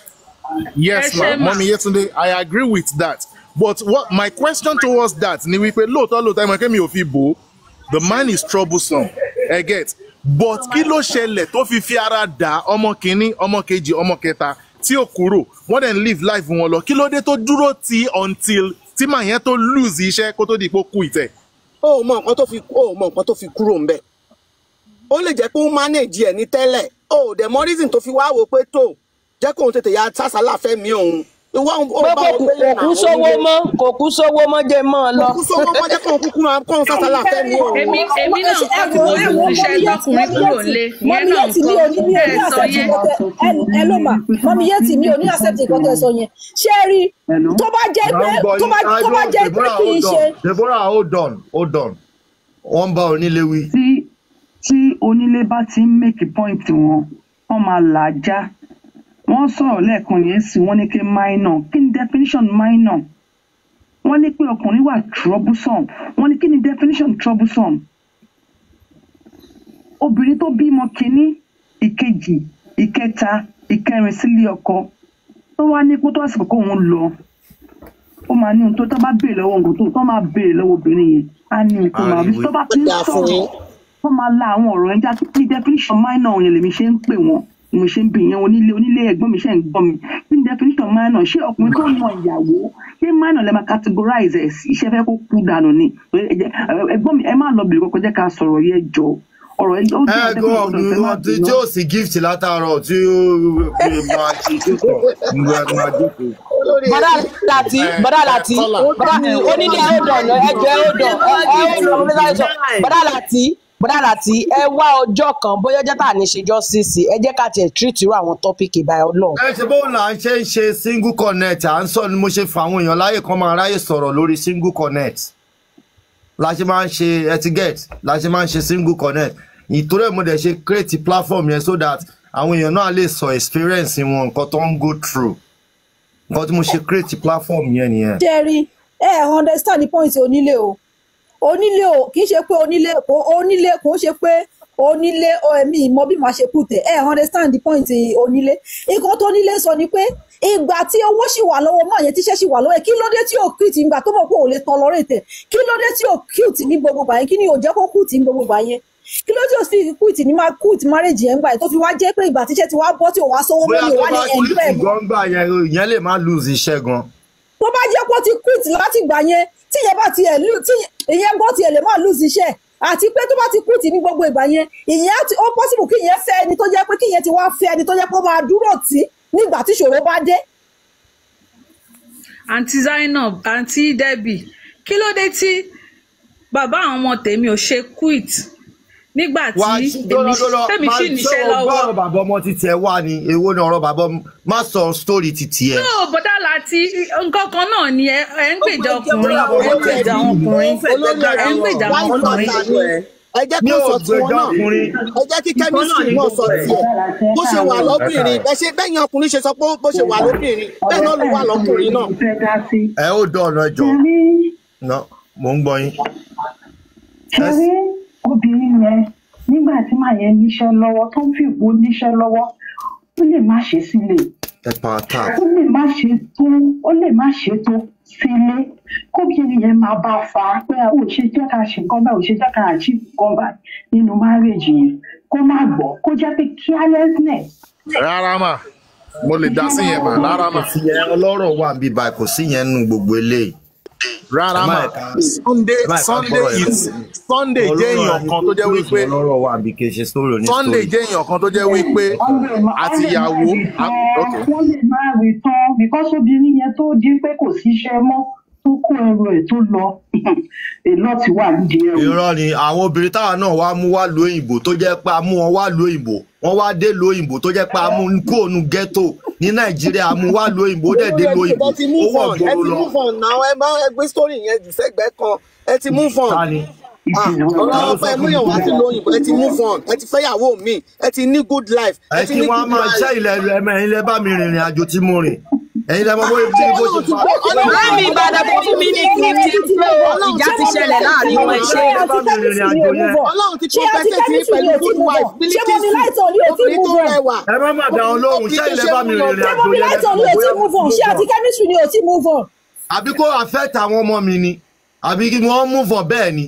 yes ma mọ́mi Yétúndé I agree with that but what my question towards that ni wípé lóòótọ́ lóòótọ́ ẹ̀mọ́ kémi ò fi bò ó the man is troublesome ẹ get but kí ló ṣẹlẹ̀ tó fi fi ara dà ọmọ kìíní ọmọ kejì ọmọ kẹta tí ò kúrò wọ́n dẹ̀ ń live life wọn lọ kí ló dé tó dúró ti until tí màá yẹn tó lose iṣẹ́ kó tó di pé ó kú ìtẹ̀. o fi o ò mọ nǹkan tó fi kúrò ń bẹ̀ ó lè jẹ́ pé ó manage ẹ̀ ní tẹ́lẹ̀ ó dẹ̀ mọ reason tó fi wá wò pé tó jẹ́ kóun tètè ya sásàlà fẹ́ mi òun pé kò kú sówó mọ́ kò kú sówó mọ́ jẹ́ mọ́ ọ lọ. kò kú sówó mọ́ jẹ́ kó kúkú máa kó sásàlà fẹ́ mi òun. èmi èmi náà kọ́ tí mo lù iṣẹ́ lọ́kùnrin kúrò lé yẹn náà kọ́ ẹ sọ yẹn. ẹ ló mà mọ́mí yé tì mí ò ní accept nǹkan tẹ̀ sọ yẹn ṣé ẹ rí tó bá jẹ́ pé tó bá jẹ́ pé kì í ṣe. Deborah hold on hold on wọ́n bá onílé wí tí onílé bá ti ń make point wọn wọn máa là á já wọn sọ̀rọ̀ lẹ́ẹ̀kan yẹn sì wọn ní pé minor kí ni definition minor wọn ní pé ọkùnrin wà troublesome wọn ní kí ni definition troublesome obìnrin tó bímọ kínní ìkejì ìkẹta ìkẹrin sílé ọkọ tó wá ní kó tó àsìkò kó òun lọ ó máa ní ohun tó tó bá béèrè lọ́wọ́ nǹkan tó tó máa béèrè lọ́wọ́ obìnrin yẹn á ní nǹkan máa bí tó bá ti ń sọ̀rọ̀ wọ́n máa la àwọn ọ̀rọ̀ ẹja tó ní definition minor yẹn lèmi ṣe ń pè wọ́n mo ṣe ń bì yẹn onílé onílé ẹ̀gbọ́n mi ṣe ń gbọ́ mi kí ni definition minor ṣé ọkùnrin tó yan ìyàwó ṣé minor lè máa categorize ẹ̀ sí iṣẹ́ fẹ́ kó kú dànù ni ẹ̀gbọ́n mi ẹ má lọ bèrè kọkọ jẹ́ ká sọ̀rọ̀ yẹn jọ ọ̀rọ̀ ẹ ó jẹ́ ọ̀dẹ́gbọ̀n ọ̀dọ̀ tí ó sì gift látàárọ̀ tí ó máa ṣe kíkọ̀ máa jókòó. bọ́dà láti bọ́dà láti onílé ó dọ̀nà ẹ̀jẹ̀ ó dọ̀ ẹ̀ ẹ̀ ó dọ̀ bọ́dà láti bọ́dàlà tí ẹ wá ọjọ́ kan bóyá ọjọ́ ní ṣe justice ẹ jẹ́ ká tiẹ̀ treat irú àwọn tọ́pìkì báyìí ọlọ́run. ẹ ṣe bóun là ń ṣe ń ṣe single connect à ń sọ ni mo ṣe fún àwọn èèyàn láyè kan máa ráyè sọ̀rọ̀ lórí single connect la ṣe máa ń ṣe etiquette la ṣe máa ń ṣe single connect ìtòrò ẹ̀ mo dẹ̀ ṣe create platform yẹn so that àwọn èèyàn náà lè sọ experience wọn nǹkan tó ń go through nǹkan tí mo ṣe create platform yẹn nìyẹn. jerry ẹ understand the point onílé o onílé o kì í ṣe pé onílé kò onílé kò ṣe pé onílé ẹ̀mí ìmọ̀ bí màá ṣe pùtẹ̀ ẹ̀ understand the point onílé nǹkan tó nílé sọ ni pé ìgbà tí owó sì wà lọ́wọ́ mọ́ àyẹ̀ tíṣẹ́ sì wà lọ́wọ́ ẹ̀ kí ló dé tí ò quit ìgbà tó mọ̀ pé ò lè tolerate ẹ̀ kí ló dé tí ò quit ní gbogbo gbà yẹn kí ni ò jẹ́ kó quit ní gbogbo gbà yẹn kí ló dé ò sì quit ní máa quit marriage yẹn gbà yẹn tó fi wá jẹ́ pé ìgbà tíṣẹ́ ti wá bọ́ tí ò wá sówó mọ́ ni ò wá bá jẹ́ kó ti quit láti gbà yẹn tíyẹn bá tiẹ̀ tí ìyẹn gbọ́ tiẹ̀ lè má lose iṣẹ́ àti pé tó bá ti quit ní gbogbo ìgbà yẹn ìyẹn ó possible kí ìyẹn fẹ́ ẹni tó jẹ́ pé kí ìyẹn ti wá fẹ́ ẹni tó jẹ́ pé ó máa dúró tì nígbà tí ìṣòro bá dé. àǹtí Zainab àǹtí Debbie kí ló dé tí bàbá àwọn ọmọ tèmi ò ṣe quit nígbà tí èmi tẹ́mi sì níṣẹ́ lọ́wọ́. máa sọ bàbá ọmọ títí ẹ wá ni èwo ni ọ̀rọ̀ bàbá ọmọ má sọ sítórì títí ẹ. yóò bọ́dà láti nǹkan kan náà ni ẹ ń gbèjà ọkùnrin ẹ ń gbèjà ọkùnrin ẹ ń gbèjà ọkùnrin ẹ jẹ́ kí ó sọ tiwọn náà ẹ jẹ́ kí kẹ́mísítì náà sọ tiẹ̀ bó ṣe wà lọ́kùnrin bẹ́ẹ̀ ṣe bẹ́ẹ̀ yẹn ọkùnrin ṣe sọ pé bó ṣe wà lọ́kùnrin bẹ́ẹ̀ náà ló wà lọ́kùnrin náà. ẹ ó dán ọ̀nà jọ mo ń gbọ́ yín obìnrin yẹn nígbà tí màá yẹn níṣẹ́ lọ́wọ́ tó ń fìwò níṣẹ́ lọ́wọ́ ó lè má ṣe sílé ó lè má ṣe tó ó lè má ṣe tó sílé kóbìnrin yẹn máa bá fa pé ò ṣe jẹ́ ká ṣe nǹkan báyìí ò ṣe jẹ́ ká àṣì nǹkan báyìí nínú márèèjì yẹn kó má gbọ́ kó jẹ́ pé carelessness. rárá mà mo lè dá sí yẹn mà rárá mà. ọlọ́rọ̀ wà bíbá kò sí yẹn nù gbogbo eléyìí rárá sunday sunday is sunday jẹ́ èèyàn kan tó jẹ́ wípé sunday jẹ́ èèyàn kan tó jẹ́ wípé àtìyàwó. wọ́n lè máa rí tán bíkọ́sì obìnrin yẹn tó dín pé kò síṣẹ́ mọ́ tó kó ẹrù ẹ̀ tó lọ èlò ti wà nídìí ẹrù. irọ́ ni àwọn obìnrin táwa náà wá mú wá lóyìnbó tó jẹ́ pé a mú wọn wá lóyìnbó wọ́n wá dé lóyìnbó tó jẹ́ pé a mú kóònù ghetto ní nàìjíríà mú wá lo òyìnbó dẹ̀dẹ̀ lo òyìnbó owó ọ̀gbọ́n lọ. ẹ ti move on now ẹ máa gbé story yẹn jù sẹ́gbẹ̀ẹ́ kan ẹ ti move on ah, ọlọ́wọ́ fẹ́ múyàn wá sí lóyìnbó ẹ ti move on ẹ ti fẹ́yàwó mi ẹ ti ní good life ẹ ti ní máa ṣe ilẹ̀ ilẹ̀ bá mi rìnrìn àjò tí mo rìn ẹ̀yin dàbọ̀ bó ti bó ti fa. ọ̀rẹ́ mi ìbàdàn kò fún mi ní fifty pro ìjà ti ṣẹlẹ̀ láàrin wọn ṣe ọlọ́run ti kó pẹ́sẹ̀ sí pẹ̀lú good wife bílíkìsì obìnrin tó rẹwà. ẹ má má dá òun lóhùn ṣé bá mi rìnrìn àjò yẹn. ṣé àti chemistry ni o ti move on. àbí kó affect àwọn ọmọ mi ni àbí kí wọ́n move on bẹ́ẹ̀ ni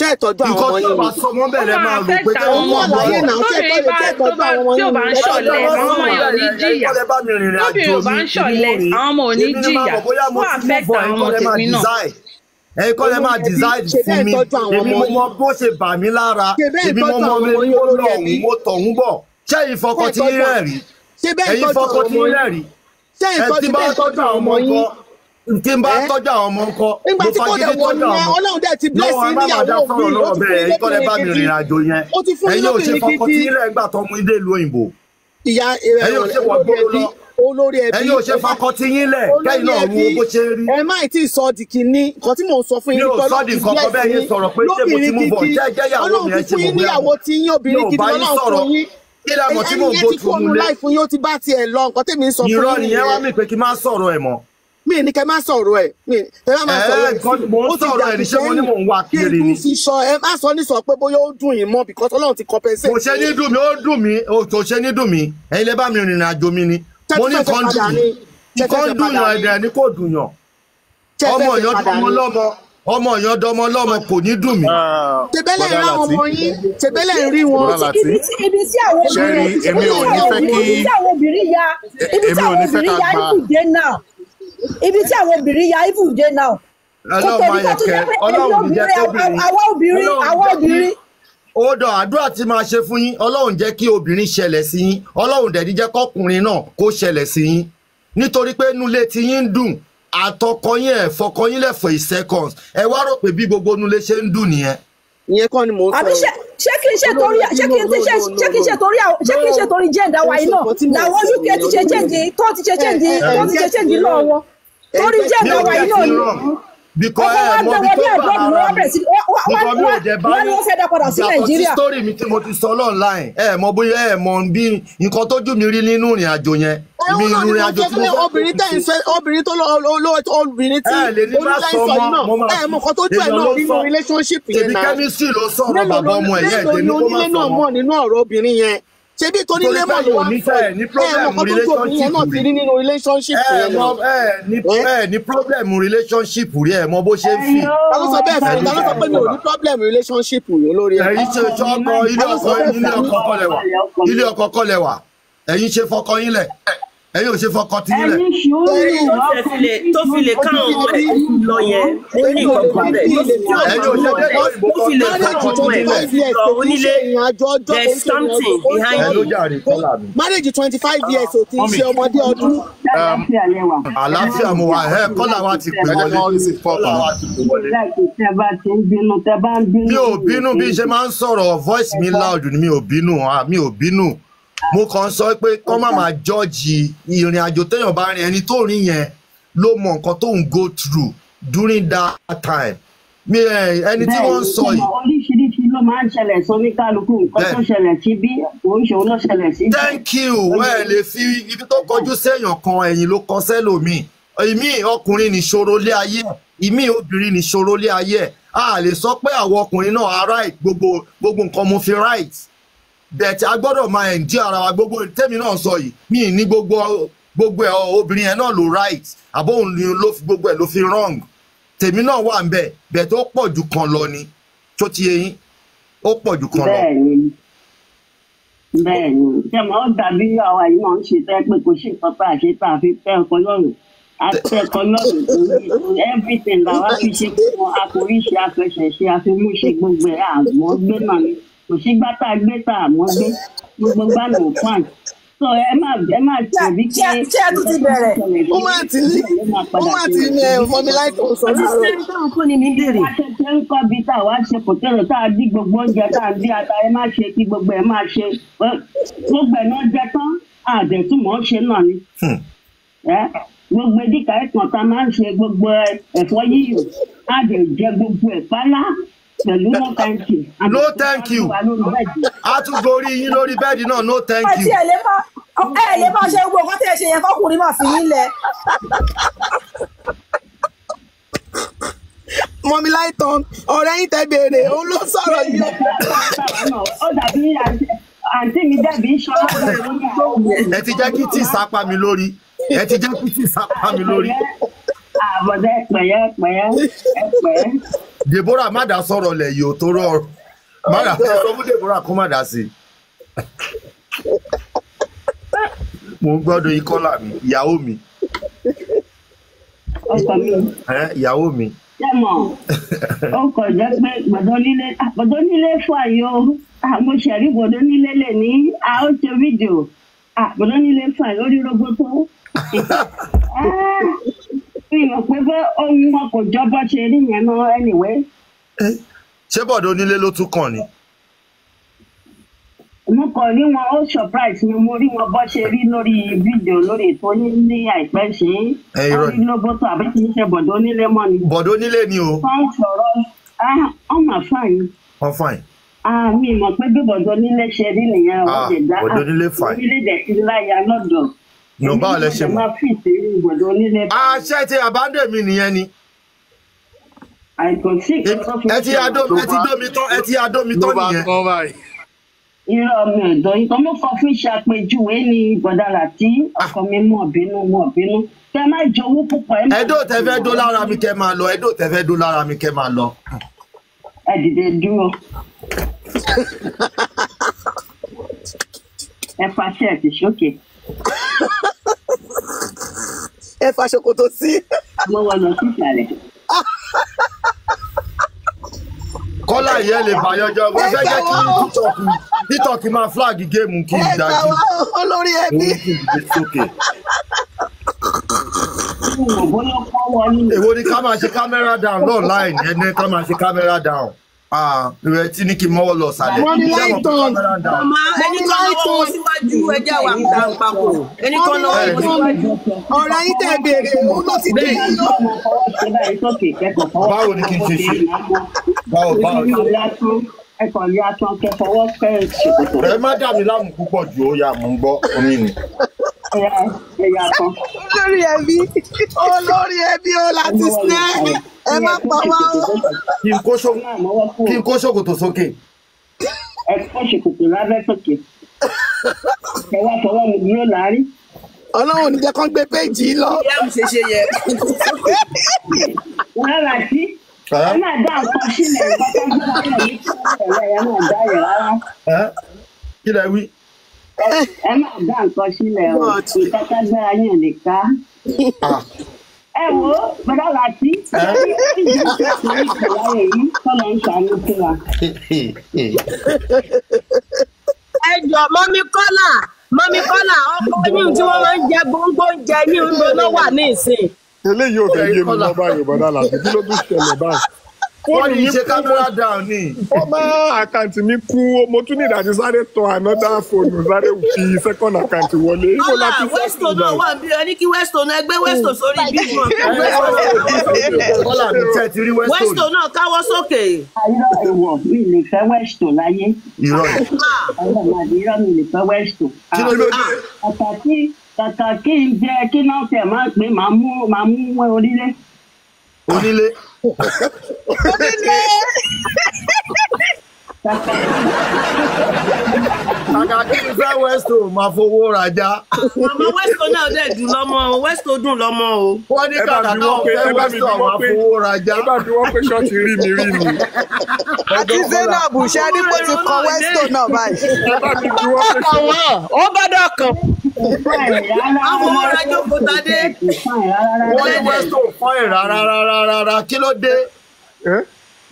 tẹ́ ẹ̀ tọ́jú àwọn ọmọ yìí. nǹkan tó bá sọ wọ́n bẹ̀rẹ̀ máa rò pé tẹ́ wọ́n mọ̀ láyé náà tẹ́ ẹ̀ tọ́jú àwọn ọmọ yìí. tí o bá ń ṣọ̀lẹ̀ àwọn ọmọ yìí ò ní jìyà tóbìnrin ò bá ń ṣọ̀lẹ̀ àwọn ọmọ ò ní jìyà wọ́n àfẹ́tà àwọn ọmọ tèmi náà ẹyin kọ́ lẹ máa design fún mi èmi mo mọ bó ṣe bà mí lára èmi mo mọ mi mo lọ òun mo tọ̀ ń bọ̀ ṣé ìfọkàntí rẹ̀ rí ẹ̀yin fọkàntí rẹ̀ rí ẹ̀ tí bá tọ́jú àwọn ọmọ yín ntí n bá eh? tọ́jú àwọn ọmọ ńkọ nígbà tí kò dẹ̀ wọ̀ nìyẹn ọlọ́run dẹ̀ ti blẹ́sì níyàwó mi ó ti fún ilé bìrì gidi ó ti fún ilé bìrì gidi ìyá rẹ̀ olórí ẹbí ẹ̀yin ò ṣe fakọtí yín lẹ̀ kẹ́yìn náà wo bó ṣe rí. ẹ má tí ì sọ di kìíní nǹkan tí mò ń sọ fún yín nípa lọ́ọ̀kì bíẹ́sì yín lóbìnrin gidi ọlọ́run fún yín níyàwó tí yín obìnrin gidi ọlọ́run fún yín ẹ̀yin yẹn ti kó ọmọ láì fún yín ó ti bá tiẹ̀ lọ nǹkan tèmi ń sọ fún yín nìyẹn. ìrọ̀ nìyẹn wá mi pé kí n má sọ̀rọ̀ ẹ̀ mọ́ mi ní kẹ́ má sọ̀rọ̀ ẹ̀ mi ẹ má sọ̀rọ̀ ẹ̀ ó ti dà bí sẹ́yìn kí n fi sọ ẹ má sọ ní sọ pé bóyá ó dùn yín mọ́ because Ọlọ́run ti compensate. kò ṣe ní dùn mí ó dùn mí kò ṣe ní dùn mí ẹ̀yin lè bá mi rìnrìn àjò mi ni mo ní nǹkan dùn mí nǹkan dùn yàn ẹ̀dẹ̀ ni kò dùn yàn ọmọ yàn dùn mọ́ lọ́mọ ọmọ yan dọmọ lọmọ kò ní dùn mí. tẹbẹlẹ ń ra ọmọ yín tẹbẹlẹ ń rí wọn ibi tí àwọn obìnrin ya even dé now kó tóbi kó tún jẹ́ pé àwọn obìnrin àwọn obìnrin ó dọ̀ àdúrà tí máa ṣe fún yín ọlọ́run jẹ́ kí obìnrin ṣẹlẹ̀ sí yín ọlọ́run dẹ̀ ní jẹ́ kọkùnrin náà kó ṣẹlẹ̀ sí yín nítorí pé nulẹ̀ tí yín ń dùn àtọkọ yín ẹ̀ fọkọ yín lẹ̀ for a second ẹ wá rò pé bí gbogbo nulẹ̀ ṣe ń dùn nìyẹn. ìyẹn kọ́ ni mò sọ ṣé kí n ṣe torí ṣé kí n ti ṣe ṣé kí n ṣe torí ṣé kí n ṣe torí gender wa iná làwọn uk ti ṣe change tó ti ṣe change tó ti ṣe change lọ́wọ́ torí gender wa iná ni because ẹ mọ bí tó bá ara mi nǹkan mi ò jẹ báyìí yàtọ̀ sí story mi tí mo ti sọ online ẹ mọ bóyá ẹ mọ bí nǹkan tójú mi rí nínú ìrìn àjò yẹn mi ìrìn àjò tí mo fẹ́. obìnrin tẹ̀ ń fẹ́ obìnrin tó lọ́wọ́ obìnrin tí olùdáìsọ náà ẹ mọ nǹkan tójú ẹ náà nínú relationship yẹn náà èmi kẹ́mísírì ló sọ̀rọ̀ bàbá ọmọ ẹ̀yẹ́ ẹ̀dẹ̀ ní kó má sọ̀rọ̀ ṣebí torí lẹ́mọ̀ ló wá fẹ́ ẹ mọ̀ kó tó tó òfin yẹn náà ti rí nínú relationship rẹ mọ. ẹ ní problem relationship rẹ ẹ mọ bó ṣe ń fi. ta ló sọ bẹ́ẹ̀ fún mi ta ló sọ pé mi ò ní problem relationship rẹ lórí ẹ. ẹ̀yin ṣe ṣe ọkọ ilé ọkọ ilé ọkọ kọlẹ̀ wà ilé ọkọ kọlẹ̀ wà ẹ̀yin ṣe fọkọ yín lẹ̀ ẹ̀yin ò ṣe fọkàn tí nílẹ̀. ẹni sùúrù tó fi lè ká ọmọ ẹ lọ yẹn ó ní ìkọ̀kọ̀ rẹ̀ ó fi lè ká ọmọ ẹ lọ onílé there is something behind it. marriage twenty five years ò kì í ṣe ọmọdé ọdún. àlàáfíà mo wà ẹ kọ́lá wa ti pè wọlé. mi ò bínú bí ṣe máa ń sọ̀rọ̀ voice mi loud ni mi ò bínú ah, mi ò bínú mo kàn sọ pé kọ́ má máa jọ́ọ̀jì ìrìn àjò téèyàn bá rìn ẹni tó rìn yẹn ló mọ nǹkan tó ń go through during that time mi ẹni tí wọ́n ń sọ yìí. bẹ́ẹ̀ oríṣiríṣi ló máa ń ṣẹlẹ̀ sóníkálukú nǹkan tó ṣẹlẹ̀ sí bí òun ṣòun ló ṣẹlẹ̀ sí. thank you ẹ lè fi ibi tó kọjú séèyàn kan ẹ̀yìn ló kọ sẹ́lòmíì ìmí ọkùnrin nìṣòro lé ayé ìmí obìnrin nìṣòro lé ayé a lè sọ pé àwọn ọkùnrin náà are right gbogbo gbogbo nǹkan mo fi right bẹ̀tẹ̀ a gbọ́dọ̀ máa ẹ̀ ń dí ara wa gbogbo tẹ́mi náà sọ yìí mí ní gbogbo gbogbo ẹ̀ obìnrin yẹn náà right ló fi gbogbo ẹ̀ ló fi wrong tèmi náà wà ń bẹ̀ bẹ̀tẹ̀ ó kan lọ ni tó ti yé ó kan lọ. bẹ́ẹ̀ni bẹ́ẹ̀ni ṣé mo dàbí àwa yìí ń ṣe tẹ́ pé kò sí a tá ọkọ everything làwa fi ṣe fún ṣe kò sí gbátà gbé tá a mọ́ gbé gbogbo gbàlù pan sọ ẹ má ẹ má tẹ̀lé kí ẹ kí ẹ tún ti bẹ̀rẹ̀ ó má ti ní ó má ti ní ẹ fọmíláì tó sọ láàárọ̀. àti sẹ́ńtà òkú ni mi bèrè. akẹ́kẹ́ ń kọ́ bí tá a wá ṣe pòtẹ́rò tá a dí gbogbo oúnjẹ tá a dí ata ẹ má ṣe kí gbogbo ẹ má ṣe gbogbo ẹ náà jẹ tán àdẹ̀túmọ̀ ṣe náà ni hmm. gbogbo edika ẹ̀kan tá a máa ń ṣe gbogbo ẹ̀fọ́ yíyọ á dẹ̀ jẹ gbogbo ẹ̀ pálá no thank you. no thank you a tún gorí yín lórí bẹ́ẹ̀dì náà no thank you. ẹ ẹ lè bá ṣe gbogbo nǹkan tí ẹ ṣe yẹn kọkùnrin máa fi yín lẹ. mọ̀mí láìtàn ọ̀rẹ́ yín tẹ́ béèrè òun ló sọ̀rọ̀ yìí. ó dàbí àǹtí mi dàbí ìṣọ́lá ẹ ti jẹ́ kí tí ì sápá mi lórí ẹ ti jẹ́ kí tí ì sápá mi lórí àbọ̀dá ẹ̀pẹ̀ yẹn ẹ̀pẹ̀ yẹn ẹ̀pẹ̀ yẹn. Deborah má dá sọ̀rọ̀ lẹ̀ yìí ò tó rọ̀ má dá sọ fún Deborah kó má dá sí i. Mo ń gbọ́dọ̀ ikọ́là mi, ìyàwó mi. Ọkọ mi. Ìyàwó mi. Sẹ́mọ̀, ọkọ̀ jẹ́ pé gbọ̀dọ̀ nílé fún àyò àmúṣẹ̀rí gbọ̀dọ̀ nílé lè ní àóṣe fídíò. Gbọ̀dọ̀ nílé fún àyò rí rogbó tó. fi hàn pé bó ohun wọn kò jọ bó ṣe rí yẹn náà anyway. ṣé bọ̀dọ̀ onílé ló tún kàn ni. mo kàn rí wọn ó surprise ni mo rí wọn bó ṣe rí lórí fídíò lórí ètò yín ní àìpẹ́ ṣe é orí lóbótó àbí kì í ṣe bọ̀dọ̀ onílé mọ́ ni. bọ̀dọ̀ onílé ni o. wọ́n ń sọ̀rọ̀ ọmọ fáyín. wọ́n fáyín mi mọ̀ pé bí bọ̀dọ̀ nílé ṣe rí nìyẹn àwọn ọ̀dẹ̀dá àwọn orílẹ̀-èdè ti láyà lọ́dọ̀ nù báwo lẹ ṣe mọ. àṣẹ ti àbádẹ́mi nìyẹn ni. ẹ ti adómi ẹ ti dómi tán ẹ ti adómi tán nìyẹn. irọ́ mi ò dọ̀ nǹkan mo kàn fún ìṣàpèjúwe ni bọ̀dàlà tí ah. ọkọ mi mọ̀ bínú mọ̀ bínú tẹ má jẹ owó púpọ̀ ẹ má. tẹ fẹ́ dó lára mi kẹ́ máa lọ ẹdó tẹ fẹ́ dó lára mi kẹ́ máa lọ. ẹ dìde dúró ẹ fàṣẹ ẹ ti ṣókè ẹ fa ṣòkòtò sí. wọ́n wọ lọ sí ìsàlẹ̀. kọ́lá yẹn lè bàyọjọ́ wọ́n fẹ́ jẹ́ kí títọ́kì títọ́kì máa flag géèmù kí n dájú. ẹ gbà wá olórí ẹbí. èwo ni ká máa ṣe kámẹ́rà down lọ́ọ̀láì ẹni ká máa ṣe kámẹ́rà down ìrètí ah, ní kí n mọ́wọ́ lọ sàlẹ̀. mo ní láìtàn mama ẹni kan lọ́wọ́ síwájú ẹjẹ́ àwọn àgbà papọ̀ ẹni kan lọ́wọ́ síwájú. ọ̀rọ̀ ayé tẹ̀ béèrè mú ló ti dé báwo ni kí n ṣe ṣe báwo báwo ni. ẹ má dà mí láàmú púpọ̀ jù ó yà mú gbọ́ omi nì olórí ẹbí olórí ẹbí ó láti sinẹ́ ẹ má pa wá o. kí n kó ṣòkòtò sókè. ẹ kó ṣòkòtò lábẹ́ sókè ẹ wá fọwọ́ mi dúró láàárín. ọlọ́run ò ní jẹ́ kán gbé péjì lọ. ìyá mi ṣe ṣe yẹ. wọ́n rà sí ẹ máa dá nǹkan sílẹ̀ ìgbà tó ń bá ọ̀rọ̀ yìí ẹ̀rọ ẹ̀ máa dá yẹ̀ rárá. kí lẹ wí ẹ máa dá nǹkan sílẹ̀ o ìkọ́kọ́ gbára yàn lè ká. ẹ wo bàbá láti lórí ìjọba ìjọba èyí tọ́lọ̀ ń ṣàánú fún wa. ẹ jọ mọ́mí kọ́là mọ́mí kọ́là ọkọ yín tí wọ́n máa ń jẹ gbóngbó ń jẹ ní ìgbóná wà ní ìsìn. eléyìí ò fẹ́ yé mi lọ́ba yorùbá dàlà kí ló tún ṣẹlẹ̀ báyìí wọ́n ní ṣe camera down ni. ó máa àkáǹtì mi kú mo tún ní ìdájí sáré tan another phone sáré fi second àkáǹtì wọlé. ọ̀la weston náà wà bí ẹni kí weston náà gbé weston sórí bíbí wọn. ọ̀la mi tẹ́ ti rí weston. weston náà káwọ́ sókè. irọ́ ìwọ̀ mi lè fẹ́ weston láyé. irọ́ ẹ̀. Ah, ọlọ́mọdé irọ́ mi lè fẹ́ weston. Ah, kí ló dé. Ah. kàkà kí n jẹ kí náà tẹ̀ máa pé màá mú orílẹ̀. Onílé. Onílé. kàkà kí n fẹ́ westo máa fowó rajà. ọmọ westo náà dẹ̀ dùn lọ́mọ o westo dùn lọ́mọ o. wọ́n ní kàkà kí n fẹ́ westo máa fowó rajà. ẹ bá mi wọ́n pé ṣọ́ọ̀tì rí mi rí mi. àti zainab ṣáàdì pé ti kọ westo náà báyìí. ẹ bá mi bí wọ́n pé ṣọ́ọ̀tì. ó gbọ́dọ̀ kàn. àwọn ọmọ rẹ jókòó tadé. wọ́n ní westo fọ́ ẹ̀ rárá rárá rárá kí ló dé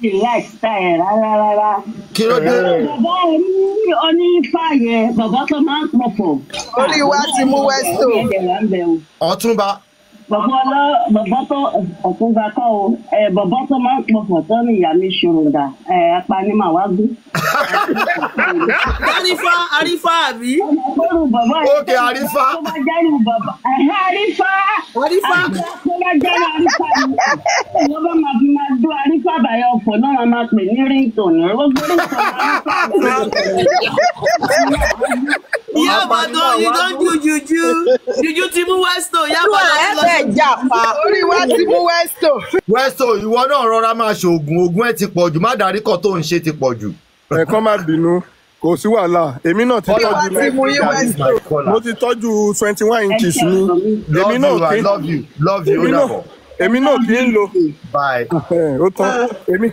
relax táyà rárá rárá. kí ló dé. bàbá mi oní fàyè bàbá tó máa ń pọ̀pọ̀. orí wa ti mú wẹ́sítò. ọ̀túnba bàbá ọlọ bàbá tó ọ̀túnba kọ́ o bàbá tó máa ń pọ̀pọ̀ tó ní ìyá mi ṣòròdà apanimàwágbé. àrífà àrífà àbí. ókè Arifa Arifa bá jẹ́rù bàbá Arifa Arifa tó bá mi. máa dún àrífà bàyọ̀ ọ̀pọ̀ náà wọ́n máa pè ní ringtone. gbogbo Yeah, but no, you don't do juju. Juju ti mú Westo. Yeah, but no, you don't do juju. Orí wa ti mú Westo. Westo, ìwọ náà rọra máa ṣoògùn. Oògùn ẹ ti pọ̀ jù. Má darí kọ́ tó ń ṣe ti pọ̀ jù. Ẹ̀kọ́ má bínú. Kò sí wàhálà, èmi náà ti tọ́jú mẹ́rin, mo ti tọ́jú twenty one inches mi, èmi náà kí love you, love you, èmi náà kí n lo, ó tán, ah, èmi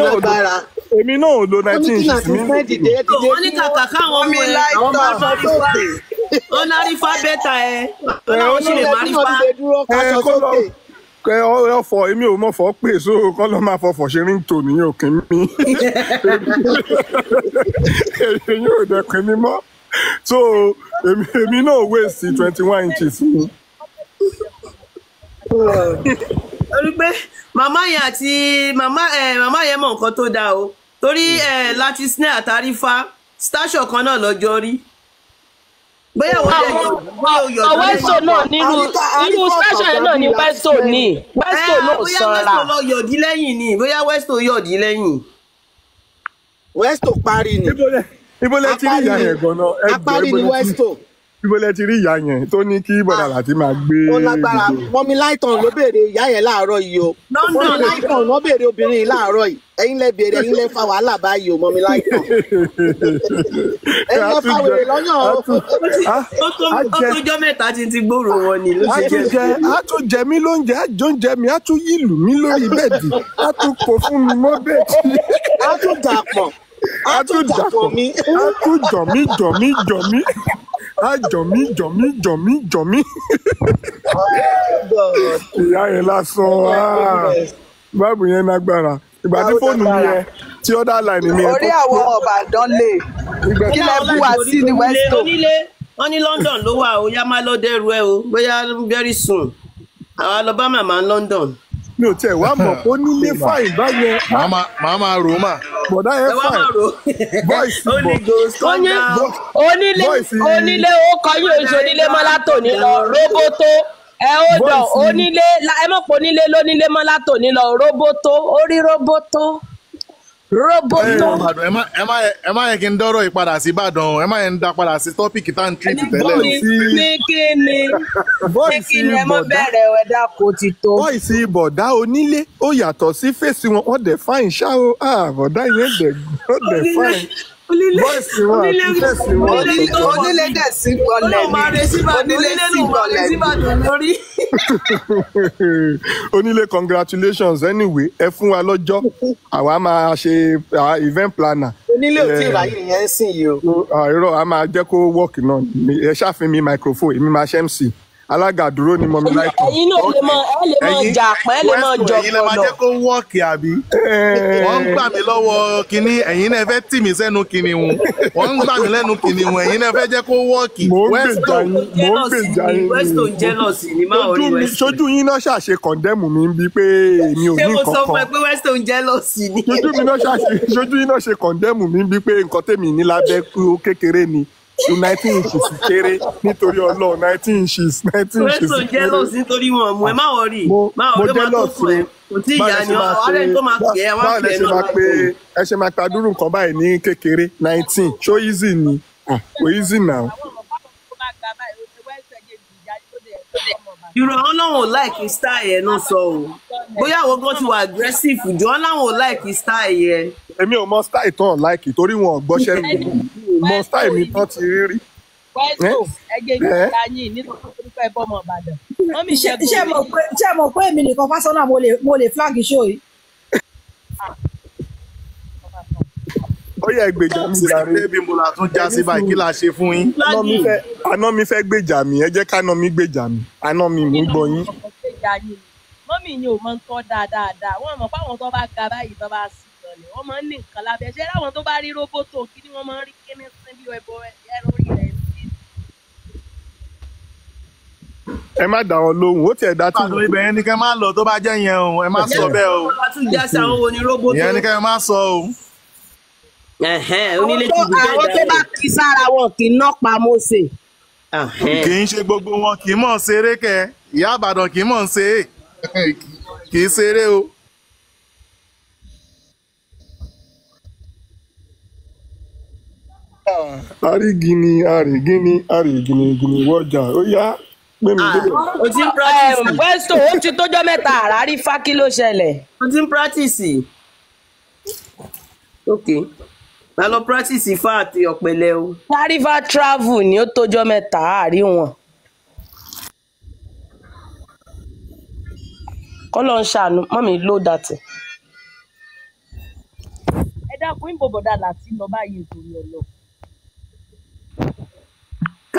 náà ò dùn èmi náà ò lo nineteen inches mi. wọ́n ní kàkà káwọn ọmọ ẹ àwọn máa sọ rí fa ó ná rí fa bẹ́tà ẹ ó náà wọ́n sì lè má rí fa. ẹ kó lọ kẹ ọfọ èmi ò mọ fọ pè so kọ lọ máa fọfọ ṣe rí tò ní òkè mi èyí ò dẹkùn mi mọ so èmi náà wéèsì twenty one inches mi torí pé màmá yẹn àti màmá yẹn mọ nǹkan tó dáa o torí ẹ eh, láti snare àtàrífà station kan náà lọ́jọ́ rí bóyá wọ́n lè yọ ní ọ̀yọ́ náà wẹ́sọ̀ náà nírú irú station yẹn náà ni wẹ́sọ̀ ní wẹ́sọ̀ náà sanra bóyá wẹ́sọ̀ lọ yọ̀dí lẹ́yìn ni bóyá wẹ́sọ̀ yọ̀dí lẹ́yìn. wẹ́sọ̀ parí ni ibo lẹ ti rí ìyá yẹn gan-an ẹgbẹ́ ibo lẹ ìbọlẹ̀ ti rí ìyá yẹn tó ní kí bọ̀dà ah, láti máa gbé. ó lágbára mọ́mí láìtàn ló béèrè ìyá yẹn láàárọ̀ yìí o mọ́mí láìtàn ló béèrè obìnrin yìí láàárọ̀ yìí ẹ̀yin lẹ béèrè ẹ̀yin lẹ fa wàhálà báyìí o mọ́mí láìtàn ẹ̀yin lẹ fa wèrè lọ́yàn o. ó ah, ah, tó jọ́ ti gbòòrò wọn ni ló ṣe jẹ́. a tún jẹ mí lóúnjẹ a jọ ń jẹ mí a tún yìlù mí lórí bẹ́ẹ̀dì a tún kò fún mi mọ́ bẹ́ẹ̀dì. a tún dàpọ̀ a tún dàpọ̀ mi. a tún jọ̀mí jọ̀mí jọ̀mí á jọ̀ mí jọ̀ mí jọ̀ mí jọ̀ mí. ìyá yẹn lásán báàbù yẹn lágbára ìgbà tí fóònù mi yẹ tí ọ̀dà láìní mi. orí àwọn ọ̀bàdàn lè kí lẹ bú wa sí ní west o. wọ́n ní London ló wà ó yá má lọ́ọ́ dẹ́rù ẹ o bóyá very soon àwa lọ bá màmá London mi ò tiẹ̀ wá mọ̀ kó nílé fàìn báyẹn. màá máa rò ó mà. bọ̀dá yẹn fàìn bọ́ìsì bọ̀ onílé onílé ó kọjú oṣù onílé mọ́lá tòní lọ róbótó ẹ ó dọ̀ onílé ẹ mọ̀ pé onílé lónílé mọ́lá tòní lọ róbótó ó rí róbótó roboto. ẹ má yẹ kí n dọ́rọ̀ ìpadà sí ìbàdàn ẹ má yẹ ń da padà sí tọ́pìkì tá à ń treat tẹ́lẹ̀. ní kí ni ní kí ni ẹ má bẹ̀rẹ̀ ẹ̀dá kò ti tó. bọ́ìsì bọ̀dá onílé ó yàtọ̀ sí fèsì wọn wọ́n dẹ̀ fáìn ṣá o ah, bọ̀dá yẹn dẹ̀ fáìn bọ́ọ̀sì wọn fífẹ́sì wọn onílé dẹ̀ sí gbọ́lẹ̀ ni onílé sí gbọ́lẹ̀ ni. onílé congratulations anyway ẹ fún wa lọ́jọ́ àwa máa ṣe event planner. onílé ò tí ì eh, ráyè yẹn ń sìn yìí o. irọ́ a máa jẹ́ kó wọ́ọ̀kì náà ẹ ṣáà fún mi microphone èmi máa ṣe MC alága dúró ni mọ̀mí láìpẹ́. ẹ̀yin náà lè mọ ẹ lè mọ jà pọ́n lè mọ jọ pọ̀ lọ. ẹ̀yin lè máa jẹ́ kó wọ́ọ̀kì àbí. Eh. wọ́n ń gbà mí lọ́wọ́ kinní ẹ̀yin náà fẹ́ tì mí sẹ́nu kinní wọn. wọ́n ń gbà mí lẹ́nu kinní wọn ẹ̀yin náà fẹ́ jẹ́ kó wọ́ọ̀kì. mò ń gbèjà yín mò ń gbèjà yín. weston jealousy ni máa rí weston. sójú yín náà ṣàṣe kọ̀ndẹ́mù mi bí pé èmi ò ní nǹkan ṣé mo sọ fún ẹ pé weston jealousy ni. sójú yín náà ṣe to nineteen inches kéré nítorí ọlọ́run nineteen inches nineteen inches kéré. wẹ́sọ̀ jealous nítorí wọn mú ẹ má wọrí má wọrí ó máa tó fún ẹ kò tí ìyá ni ọ̀rẹ́ tó máa tì ẹ wá tẹ̀ náà máa tó. ẹ ṣe máa ta dúró nǹkan báyìí ní kékeré nineteen ṣó easy ni ah, kò easy now. ìrọ̀ àwọn náà ò láìkí style yẹn náà sọ o bóyá àwọn gan ti wà aggressive jọ láwọn ò láìkí style yẹn. èmi ò mọ style tán láìkí torí wọn ò gbọ́ṣẹ́ mọ style mi tán ti rí rí. wẹ́ẹ̀sì ẹgbẹ́ mi ta yín nítorí pé pé bọ́mọ ìbàdàn. ṣé mo pé èmi nìkan pásánà mo lè flag show yìí. ó yẹ gbèjà mi jàre ṣé bí mo là tún já sí báyìí kí la ṣe fún yín. aná mi fẹ́ gbèjà mi ẹ jẹ́ káná mi gbèjà mi aná mi mú gbọ́ yín. mọ́mì yín ò mọ ń tọ́ dáadáa wọ́n mọ̀ fáwọn tó bá ga báyìí tó bá sí gan ni wọ́n máa ń ní nǹkan lábẹ́ ṣé láwọn tó bá rí róbótò kí ni wọ́n máa ń rí kíní sí bí ẹbọ ẹrù orí rẹ̀ ẹ má dà wọn lóhùn ó tiẹ̀ dá tì. pàtó ibẹ̀ yẹn ni kẹ́ máa lọ tó bá jẹ́ yẹn o ẹ má sọ bẹ́ẹ̀ o ìyẹn ni kẹ́ máa sọ o. onílé ti bù bẹ́ẹ̀ àwọn tó bá kí sára wọn kì í nọ́pa mọ́sẹ̀. kì í ṣe gbogbo wọn kì í mọ̀ ṣeré kẹ ìyá àbàdàn kì í mọ̀ ṣe é kì í ṣeré o. Ah. arígini arígini arígini gini wọjà ó yá pé mi lélẹ̀. Ah, o ti ń practice. westo ó ti tójọ́ mẹ́ta àrárí fákí ló ṣẹlẹ̀. o ti ń practice. ok ma lọ practice ifá àti ọ̀pẹ̀lẹ̀ o. tarifa travel ni ó tójọ́ mẹ́ta àárí wọn. kọ́lọ́ ń ṣàánú mọ́mí ló dàtẹ̀ dákun ń bòbòdà láti lọ báyìí nítorí ọlọ́run.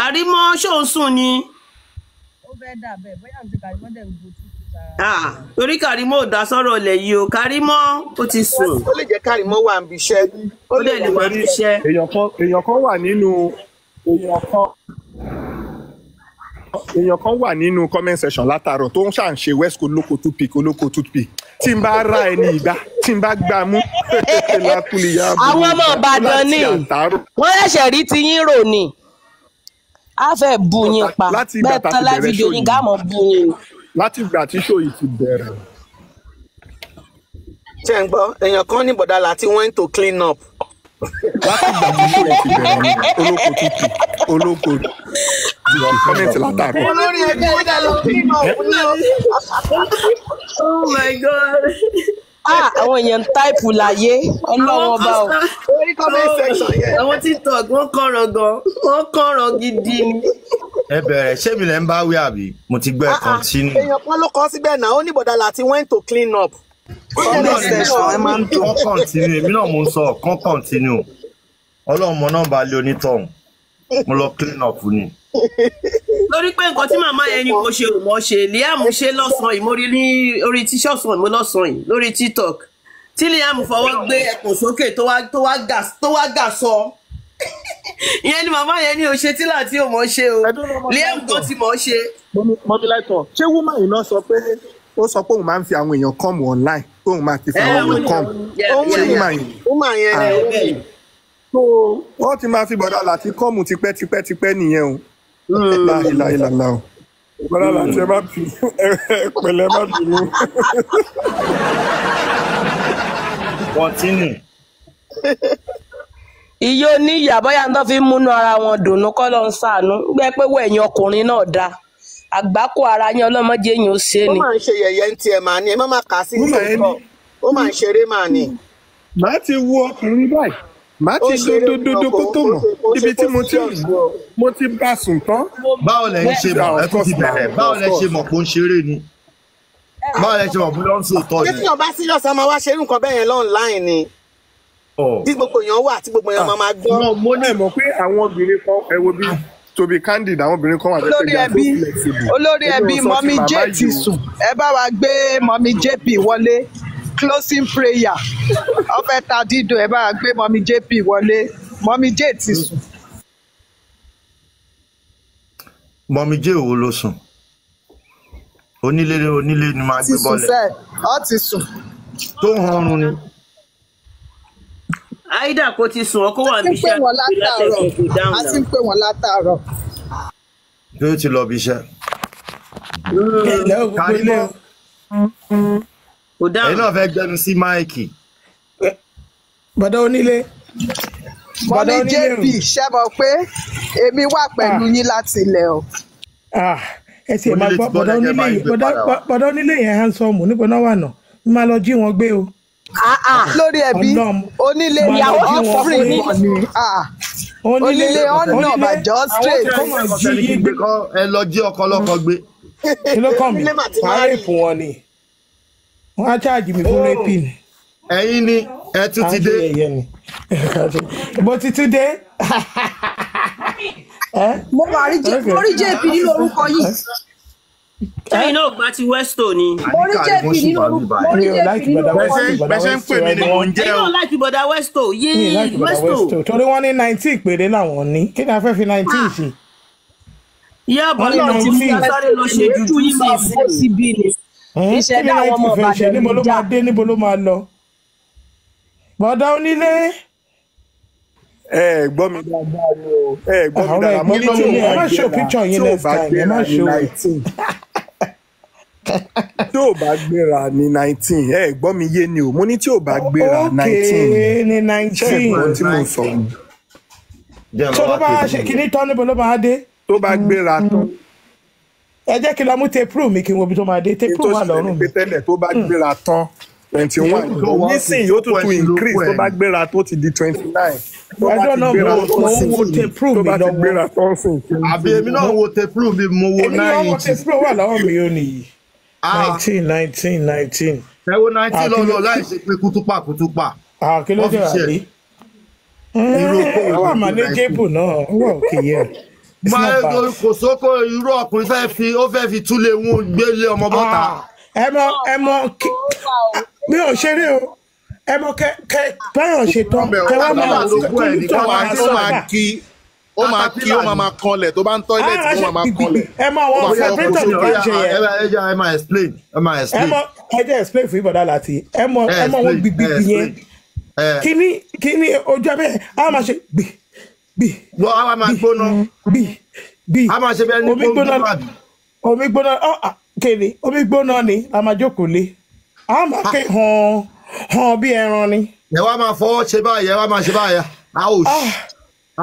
Karimo ṣóun sùn ni. ó fẹ́ dà bẹ́ẹ̀ bóyá àǹtí Karimo dẹ̀ ń gbòtú torí Karimo ò dá sọ́rọ̀ ilẹ̀ yìí o Karimo ó ti sùn. ó lè jẹ́ Karimo wà níbi iṣẹ́. ó lè lè wà níbi iṣẹ́. èèyàn kan wà nínú èèyàn kan èèyàn kan wà nínú comment section látàárọ̀ tó ń ṣàǹṣe west coast olóko toothpick olóko toothpick tí n bá ra ẹni ìgbà tí n bá gbà mú lákùlì yá. àwọn ọmọ Ìbàdàn ni wọ́n ṣẹ̀ṣẹ̀ rí tiyín rò ni á fẹ́ bu yín pa bẹ́ẹ̀ tán láti dè yín gáàmọ̀ bu yín. láti ìgbà tí ṣó ti bẹ̀rẹ̀. ṣé ń gbọ́ èèyàn kan ní bọ̀dálà tí wọ́n to clean up. láti ìgbà tí ṣó yìí ti bẹ̀rẹ̀ olóko tutù olóko kọ́mẹ̀ntì látàrọ̀. olórí ẹgbẹ́ ìdálọ́ clean up náà. oh my god ah àwọn èèyàn ń táìpù láyé ọlọ́wọ́n bá o. orí comment section yẹn. àwọn tiktok wọn kọ̀ràn gan wọn kọ̀ràn gidi ni. ẹ bẹ̀rẹ̀ ṣé mi lẹ́ ń bá wí àbí mo ti gbẹ́ ẹ̀kan sínú. èèyàn kan ló kọ́ síbẹ̀ náà ó ní bọ̀dà láti went to clean up. ọlọ́run ní sọ ẹ máa ń dùn. kán kọ̀ntínú èmi náà mo ń sọ kán kọ̀ntínú náà bá lé onítọ̀hún mo lọ clean up ni lórí pé nǹkan tí màmá yẹn ni mo ṣe ò mọ̀ ṣe Liam ṣe lọ́sàn-án yìí mo rí ní orí tíṣọ̀sán mi lọ́sàn-án yìí lórí TikTok tí Liam fọwọ́ gbé ẹkùn sókè tó wá gà sọ ìyẹn ni màmá yẹn ni ò ṣe tí láti ò mọ̀ ṣe o Liam tó ti mọ̀ ṣe. mọ́tíláìtọ̀ ṣé woman iná sọ pé ó sọ pé òun máa ń fi àwọn èèyàn come online pé òun máa ti fi eh, àwọn èèyàn come ṣé woman yẹn. Ah. Eh, woman yẹn rẹ̀ ó bẹ̀. wọ́n ti máa fi bọ̀dọ̀ àlàtí come tipẹ́tipẹ́tipẹ́ nìyẹn o láìláìláìlá o bọ́lá láti ẹ má bínú ẹ pẹ̀lẹ́ má bínú. kọ́tínì. iye oníyà bóyá tó fi ń múnú ara wọn dùnú kọ́ ló ń ṣàánú gbẹ́ pé wọ ẹ̀yìn ọkùnrin náà dáa àgbákò ara yín ọlọ́mọdé yín ó ṣe ni. ó máa ń ṣe yẹ̀yẹ́ ń tiẹ̀ màá ni ẹ má máa kà á sí ìṣòro ó máa ń ṣeré màá ni. màá ti wo ọkùnrin báyìí má ti dúdúdúdú kó tó mọ̀ ibi tí mo ti mo ti bá sùn tán. báwo lẹ ṣe mọ̀ ẹ tó ti bẹ̀rẹ̀ báwo lẹ ṣe mọ̀ kó ń ṣeré ni báwo lẹ ṣe mọ̀ bóyá ń sòótọ́ ni. kéèyàn bá serious máa wá ṣerú nǹkan bẹ́ẹ̀ yẹn online ni tí gbogbo èèyàn wà tí gbogbo èèyàn máa gbọ́. Ah. mo ní mọ̀ pé àwọn obìnrin kan ẹ wo bí tobi candid àwọn obìnrin kan wà tó pé jẹ́ fún flexible. olórí ẹbí mọ́mí jp sùn ẹ bá wa gbé mọ́mí jp wọlé closing prayer ọfẹ ta dídùn ẹ bá a gbé mọmi jp wọlé mọmi j ti sùn. mọmi j òwò ló sùn onílé onílé ni máa gbé bọ́ọ̀lù. ti sùn sẹ́ẹ̀ ọ́ ti sùn. tó ń hanrun ni aida kò ti sùn ọkọ wà níbi iṣẹ́ látẹkùn kò dáhùn náà. a ti ń pè wọ́n látàárọ̀. yóò ti lọ bí iṣẹ́. kárí mọ́ kò dáhùn. ẹ̀yin náà fẹ́ gbẹnu sí máìkì. bọ̀dọ̀ onílé. bọ̀dọ̀ onílé rùn. mo ní jp ṣe mọ̀ pé èmi wà pẹ̀lú yín láti ilẹ̀ o. Ah, ẹ ti ẹ̀ máa gbọ́ bọ̀dọ̀ onílé yẹn handsome nípa náà wà náà mi máa lọ jí wọn gbé o ah, ah, lórí ẹbí onílé ìyàwó ọfọrin ni onílé ọ̀nà bàjọ́ straight. àwọn ọmọ ọ̀sẹ̀ ni kí n gbé kọ́ ẹ lọ jí ọkọ lọ́kọ gbé. kí ló kàn mí parí fún wọn ni wọ́n á ṣáàjì mi fún rẹ́pì ni. Oh. ẹ̀yin ni ẹ tún ti dé. mo ti tún dé. mo máa rí jp nínú orúkọ yìí ẹyin náà gba ti westo ni. orí jp nínú jp nínú orúkọ yìí. bẹ́sẹ̀ ń pè mí ni mò ń jẹ́ o. ẹyin náà láti bọ̀dà westo yéé westo. torí wọ́n ní nineteen péré làwọn ní kí ni a fẹ́ fi nineteen ah. ṣe. yá bọ́lá ti mú yá lọ ṣe jújú yín máa fọ́ síbí ni ìṣẹ̀dá àwọn ọmọ Ìbàdàn níbo ló máa dé níbo ló máa lọ bọ́dá onílé. ẹ gbọ́ mi dáadáa ni o ẹ gbọ́ mi dáadáa mo ní tí mo máa ṣe picture yín next time ẹ má ṣe o tí ò bá gbéra ní nineteen ẹ gbọ́ mi yé ni o mo ní tí ò bá gbéra nineteen ní nineteen ṣé ìgbọ́n tí mo sọ. tó bá ṣe kí tán níbo ló máa dé. tó bá gbéra tán ẹ jẹ́ kí n lọ mú tepru mi kí n wo ibi tó máa dé tepru wà lọ́rùn mi. tẹ́lẹ̀ tó bá gbéra tán twenty one nísìnyí ó tún tún increase tó bá gbéra tó ti di twenty nine. ẹjọ́ náà mo ń wo tepru mi lọ́wọ́ àbí èmi náà wo tepru mi mo wo nine inches. èmi náà wo tepru wà lọ́wọ́ mi yóò nìyí ah. nineteen nineteen nineteen. ẹ wo nineteen ah, lọ́lọ́ láì ṣe pé kútúpà kútúpà. àkìlọ́jọ́ ah, àbí. ìròkó ìwà mànéjébù náà wà òkè yẹn kò sóko irú ọkùnrin fẹ́ fi ó fẹ́ fi túlé wọn gbélé ọmọ bọ́ta. Ah, ẹ mọ ẹ mọ mi ò ṣeré o ẹ mọ kẹ kẹ báyọ̀ ṣe tán kẹ wá máa kú nítorí àwọn sọ̀rọ̀ ó máa kí ó máa máa kanlẹ̀ tó bá ń tọ́ílẹ̀tì ah, ó máa máa kanlẹ̀. ẹ máa wọ separator ní báńṣe yẹn. ẹ jẹ́ ẹ máa explain ẹ máa explain. ẹ jẹ́ explain fún ibodà láti ẹ mọ ẹ mọ wọn gbìgbìgbì yẹn kíní kíní ojú abẹ́ ẹ á máa ṣe gbìgbì lọ àwa máa gbóná a máa ṣe bẹ́ẹ̀ ní gbóná omi gbóná kèrè omi gbóná ni la máa jókòó lé a máa ké hàn hàn bí ẹran ni. ẹ wá máa fọwọ́ ṣe báyìí ẹ wá máa ṣe báyìí a ò ṣe ah.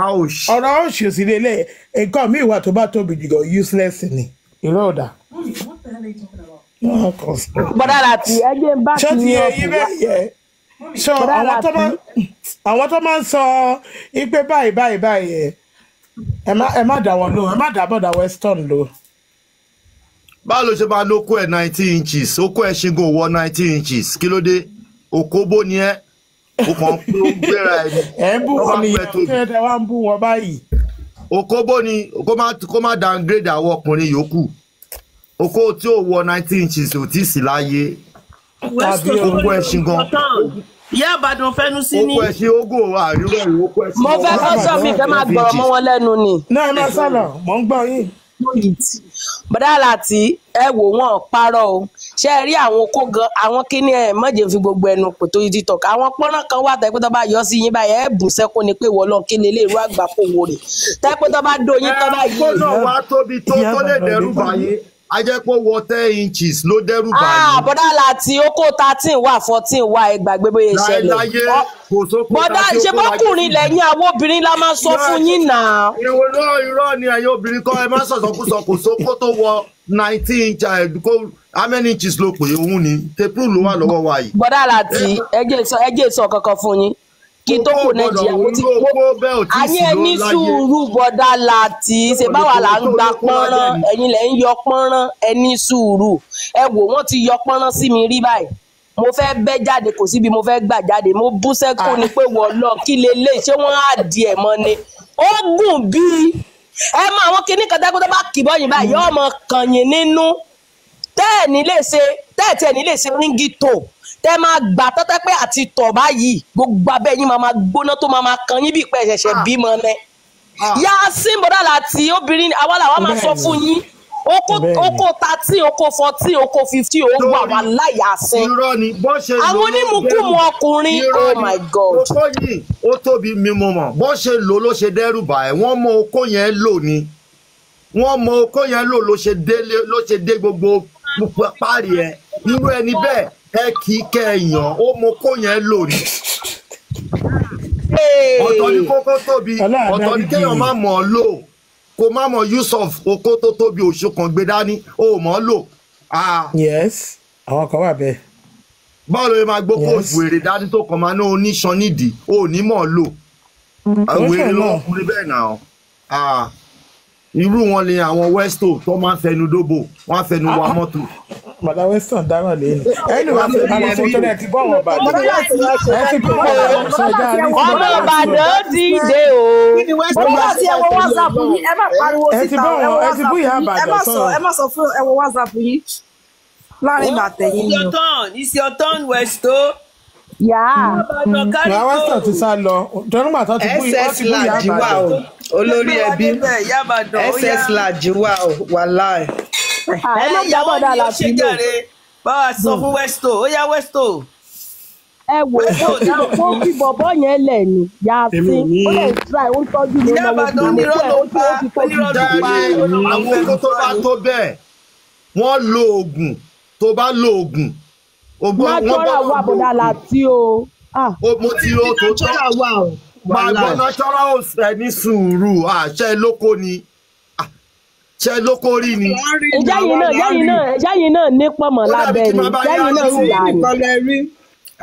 a ò ṣe. ọ̀rọ̀ a ò ṣe òsì lélẹ̀ nǹkan mi ìwà tó bá tóbi jù lọ useless ni ìró ọ̀dà. bọ́dà láti ẹgbẹ́ ń bá kiri ọkùnrin. ṣé ti yẹ yí bẹ́ẹ̀ so àwọn tó máa àwọn tó sọ ipe báyìí báyìí báyìí ẹ má ẹ má dà wọn lò ẹ má dà bọ̀dà western lò. báwo ló ṣe máa lóko ẹ nineteen inches ẹ wọ nineteen inches kí ló dé ni ẹ gbéra ẹ ni. ẹ ń bú wọn báyìí. ni má downgrade àbí owó ẹṣin gan. ìyá àbàdàn fẹnu sí ni. oko ẹṣin ogo àríwá ìwé oko mo fẹ́ kọ́ sọ mi fẹ́ máa gbọ̀rọ̀ mọ́ wọn lẹ́nu ni. náà ẹ sọ̀rọ̀ mò ń gbọ́ yín. bọ́dà láti ẹ wò wọ́n parọ́ o ṣe rí àwọn kó gan àwọn kíní ẹ mọ̀jẹ̀ fi gbogbo ẹnu pò tó yìí tọ̀ àwọn pọ́nrán kan wà tẹ́pẹ́ tó bá yọ sí yín báyìí ẹ bù sẹ́kún ni pé wọ́n lọ kí lélẹ́ irú àgbà kò wò rè tẹ́pẹ́ tó bá dóyin tó bá yé. ẹ náà wá tóbi tó tó lè dẹrù báyìí a jẹ́ pé ó wọ ten inches ló dẹ́rù báyìí. ah bọ́dà láti okó thirteen wà fourteen wà ẹ gbàgbé bóyá ìṣẹ̀lẹ̀. láyé kò sóko bọ́dà ṣe bọ́kùnrin lẹ́yìn àwọn obìnrin la máa sọ fún yín náà. ìwọ náà irọ́ ni ẹ̀yin obìnrin kọ́ ẹ má sọ̀sọ̀kúsọ kò sóko tó wọ nineteen inch kó how many inches ló pè é òun ni tepru ló wà lọ́wọ́ wa yìí. bọ́dà láti ẹjẹ́ sọ ẹjẹ́ sọ kankan fún yín kí n tó kò nàìjíríà mo ti kó ayé ẹni sùúrù bọ́dà láti ṣe báwa là ń gba pọ́nrán ẹ̀yin lẹ̀ ń yọ pọ́nrán ẹni sùúrù ẹ wò wọ́n ti yọ pọ́nrán sí mi rí báyìí mo fẹ́ bẹ́ jáde kò síbi mo fẹ́ gbà jáde mo bú sẹ́kù ni ah. pé wọ́n lọ kí lélẹ̀ ṣé wọ́n á di ẹ̀ mọ́ ni ó gùn bíi ẹ mọ àwọn kinní kan dákúndé bá kìbọn yìí báyìí ọmọ kàn yín nínú tẹ́ẹ̀ ní lè ṣe tẹ́ẹ̀ tẹ́ẹ̀ ní lè ṣe ríngì tó tẹ́ máa gbà tọ́tẹ́ pé àti tọ̀ báyìí gbogbo abẹ́ yín máa máa gbóná tó máa máa kan yín bí ìpẹ́ ìṣẹ̀ṣẹ̀ ah. bímọ ni. Ah. Yasin bọ́dà láti obìnrin àwa làwa máa sọ fún yín oko thirteen oko fourteen oko fifteen ó wà wà láyà sin àwọn onímùkùmù ọkùnrin oh my god. oko yìí ó tóbi mímú mọ bó ṣe lò ló ṣe dẹ́rù bà ẹ mọ oko yẹn lò ni wọ́n mọ oko yẹn lò ló ṣe dé gbogbo párí ẹ irú ẹni bẹ́ẹ̀ ẹ kì í kẹ èèyàn ó mo kó yẹn lò ní. ọ̀tọ̀ ní kókó tóbi ọ̀tọ̀ ní kéèyàn má mọ̀ ọ́ lò kó má mọ̀ use of okó tó tóbi oṣù kan gbé dání ó mọ̀ ọ́ lò. yes àwọn kan wà bẹ́ẹ̀. báwo ni yẹ máa gbó kó wèrè dání tó kàn máa ní oníṣan nídìí ó ní mọ̀ ọ́ lò. Mm-hmm. wèrè ló ń kúrẹ́ bẹ́ẹ̀ irú wọn ni àwọn westo tó máa ń fẹnu dóbò wọn á fẹnu wa mọ́tò. bàbá weston dáràn lẹ́yìn ẹni wàá fẹ́ bàbá tó tẹ́lẹ̀ ti bọ̀ wọ́n bàdàn ẹ ti kó kọ́ ọ̀rọ̀ sọ̀jà ní ìfọ̀rọ̀ ọmọ bàdàn ti dé o. bàbá ti ẹwọ whatsapp yìí ẹ má pariwo síta ẹwọ whatsapp yìí ẹ má sọ ẹ má sọ fún ẹwọ whatsapp yìí láàrin bàtẹ̀yìn ni o. ní westo. Hmm. làwọn sàn ti sá lọ jọ́nùgbà tó ti kú yìí wọ́n ti kú yìí àbàdàn. olórí ẹbí ss lajì wà o wàláì. Ah, ẹ má jábọ̀ dá láti lò. báwa sọ fún westo ó yá westo ẹ wò ó kó fi bọ̀bọ̀ yẹn lẹ̀ ni yàtí ó lè tra ó ń tọ́jú ní ọmọ òbí rẹ̀ ó tí ó ti tọ́jú ní ọmọ òbí rẹ̀. àwọn tó bá tó bẹ́ẹ̀ wọ́n lo oògùn tó bá lo oògùn natural wà bọ̀dá láti o. Ah. mo ti ro tó tọ́ máa gbọ́ natural house ẹ ní sùúrù àṣẹ ah, lóko ni ah, ṣe ló rí ni. ìjẹ́yìn náà ìjẹ́yìn náà ìjẹ́yìn náà ní pọ̀mọ̀ lábẹ́ ni ìjẹ́yìn náà wù wá ni.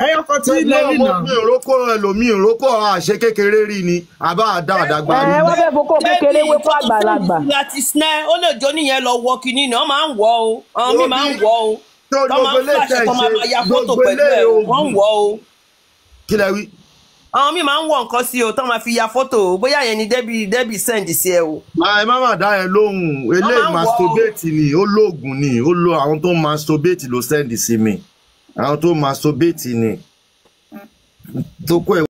ẹyọkọ tí ilé rí náà. mi ò ẹlòmíì rókò àṣẹ kékeré rí ni àbá àdá àdàgbà rí. ẹ wọ́n fẹ́ fokó kékeré wé kó àgbàlagbà. láti sinẹ́ ó lè jó nìyẹn lọ wọ kinní ni wọ́n máa ń wọ̀ o àwọn máa ń wọ̀ o tó gbogbo ilé tẹ̀ ṣe gbogbo ilé oògùn kí lẹ wí. àwọn míì máa ń wọ nǹkan sí o tó máa fi ya fọ́tò bóyá yẹn ni debi debi send sí ẹ o. ẹ má má dá yẹn lóhùn eléyìí masturbate ni ó lóògùn ni ó lo àwọn tó masturbate ló send sí mi àwọn tó masturbate ni tó kọ́ ẹ̀.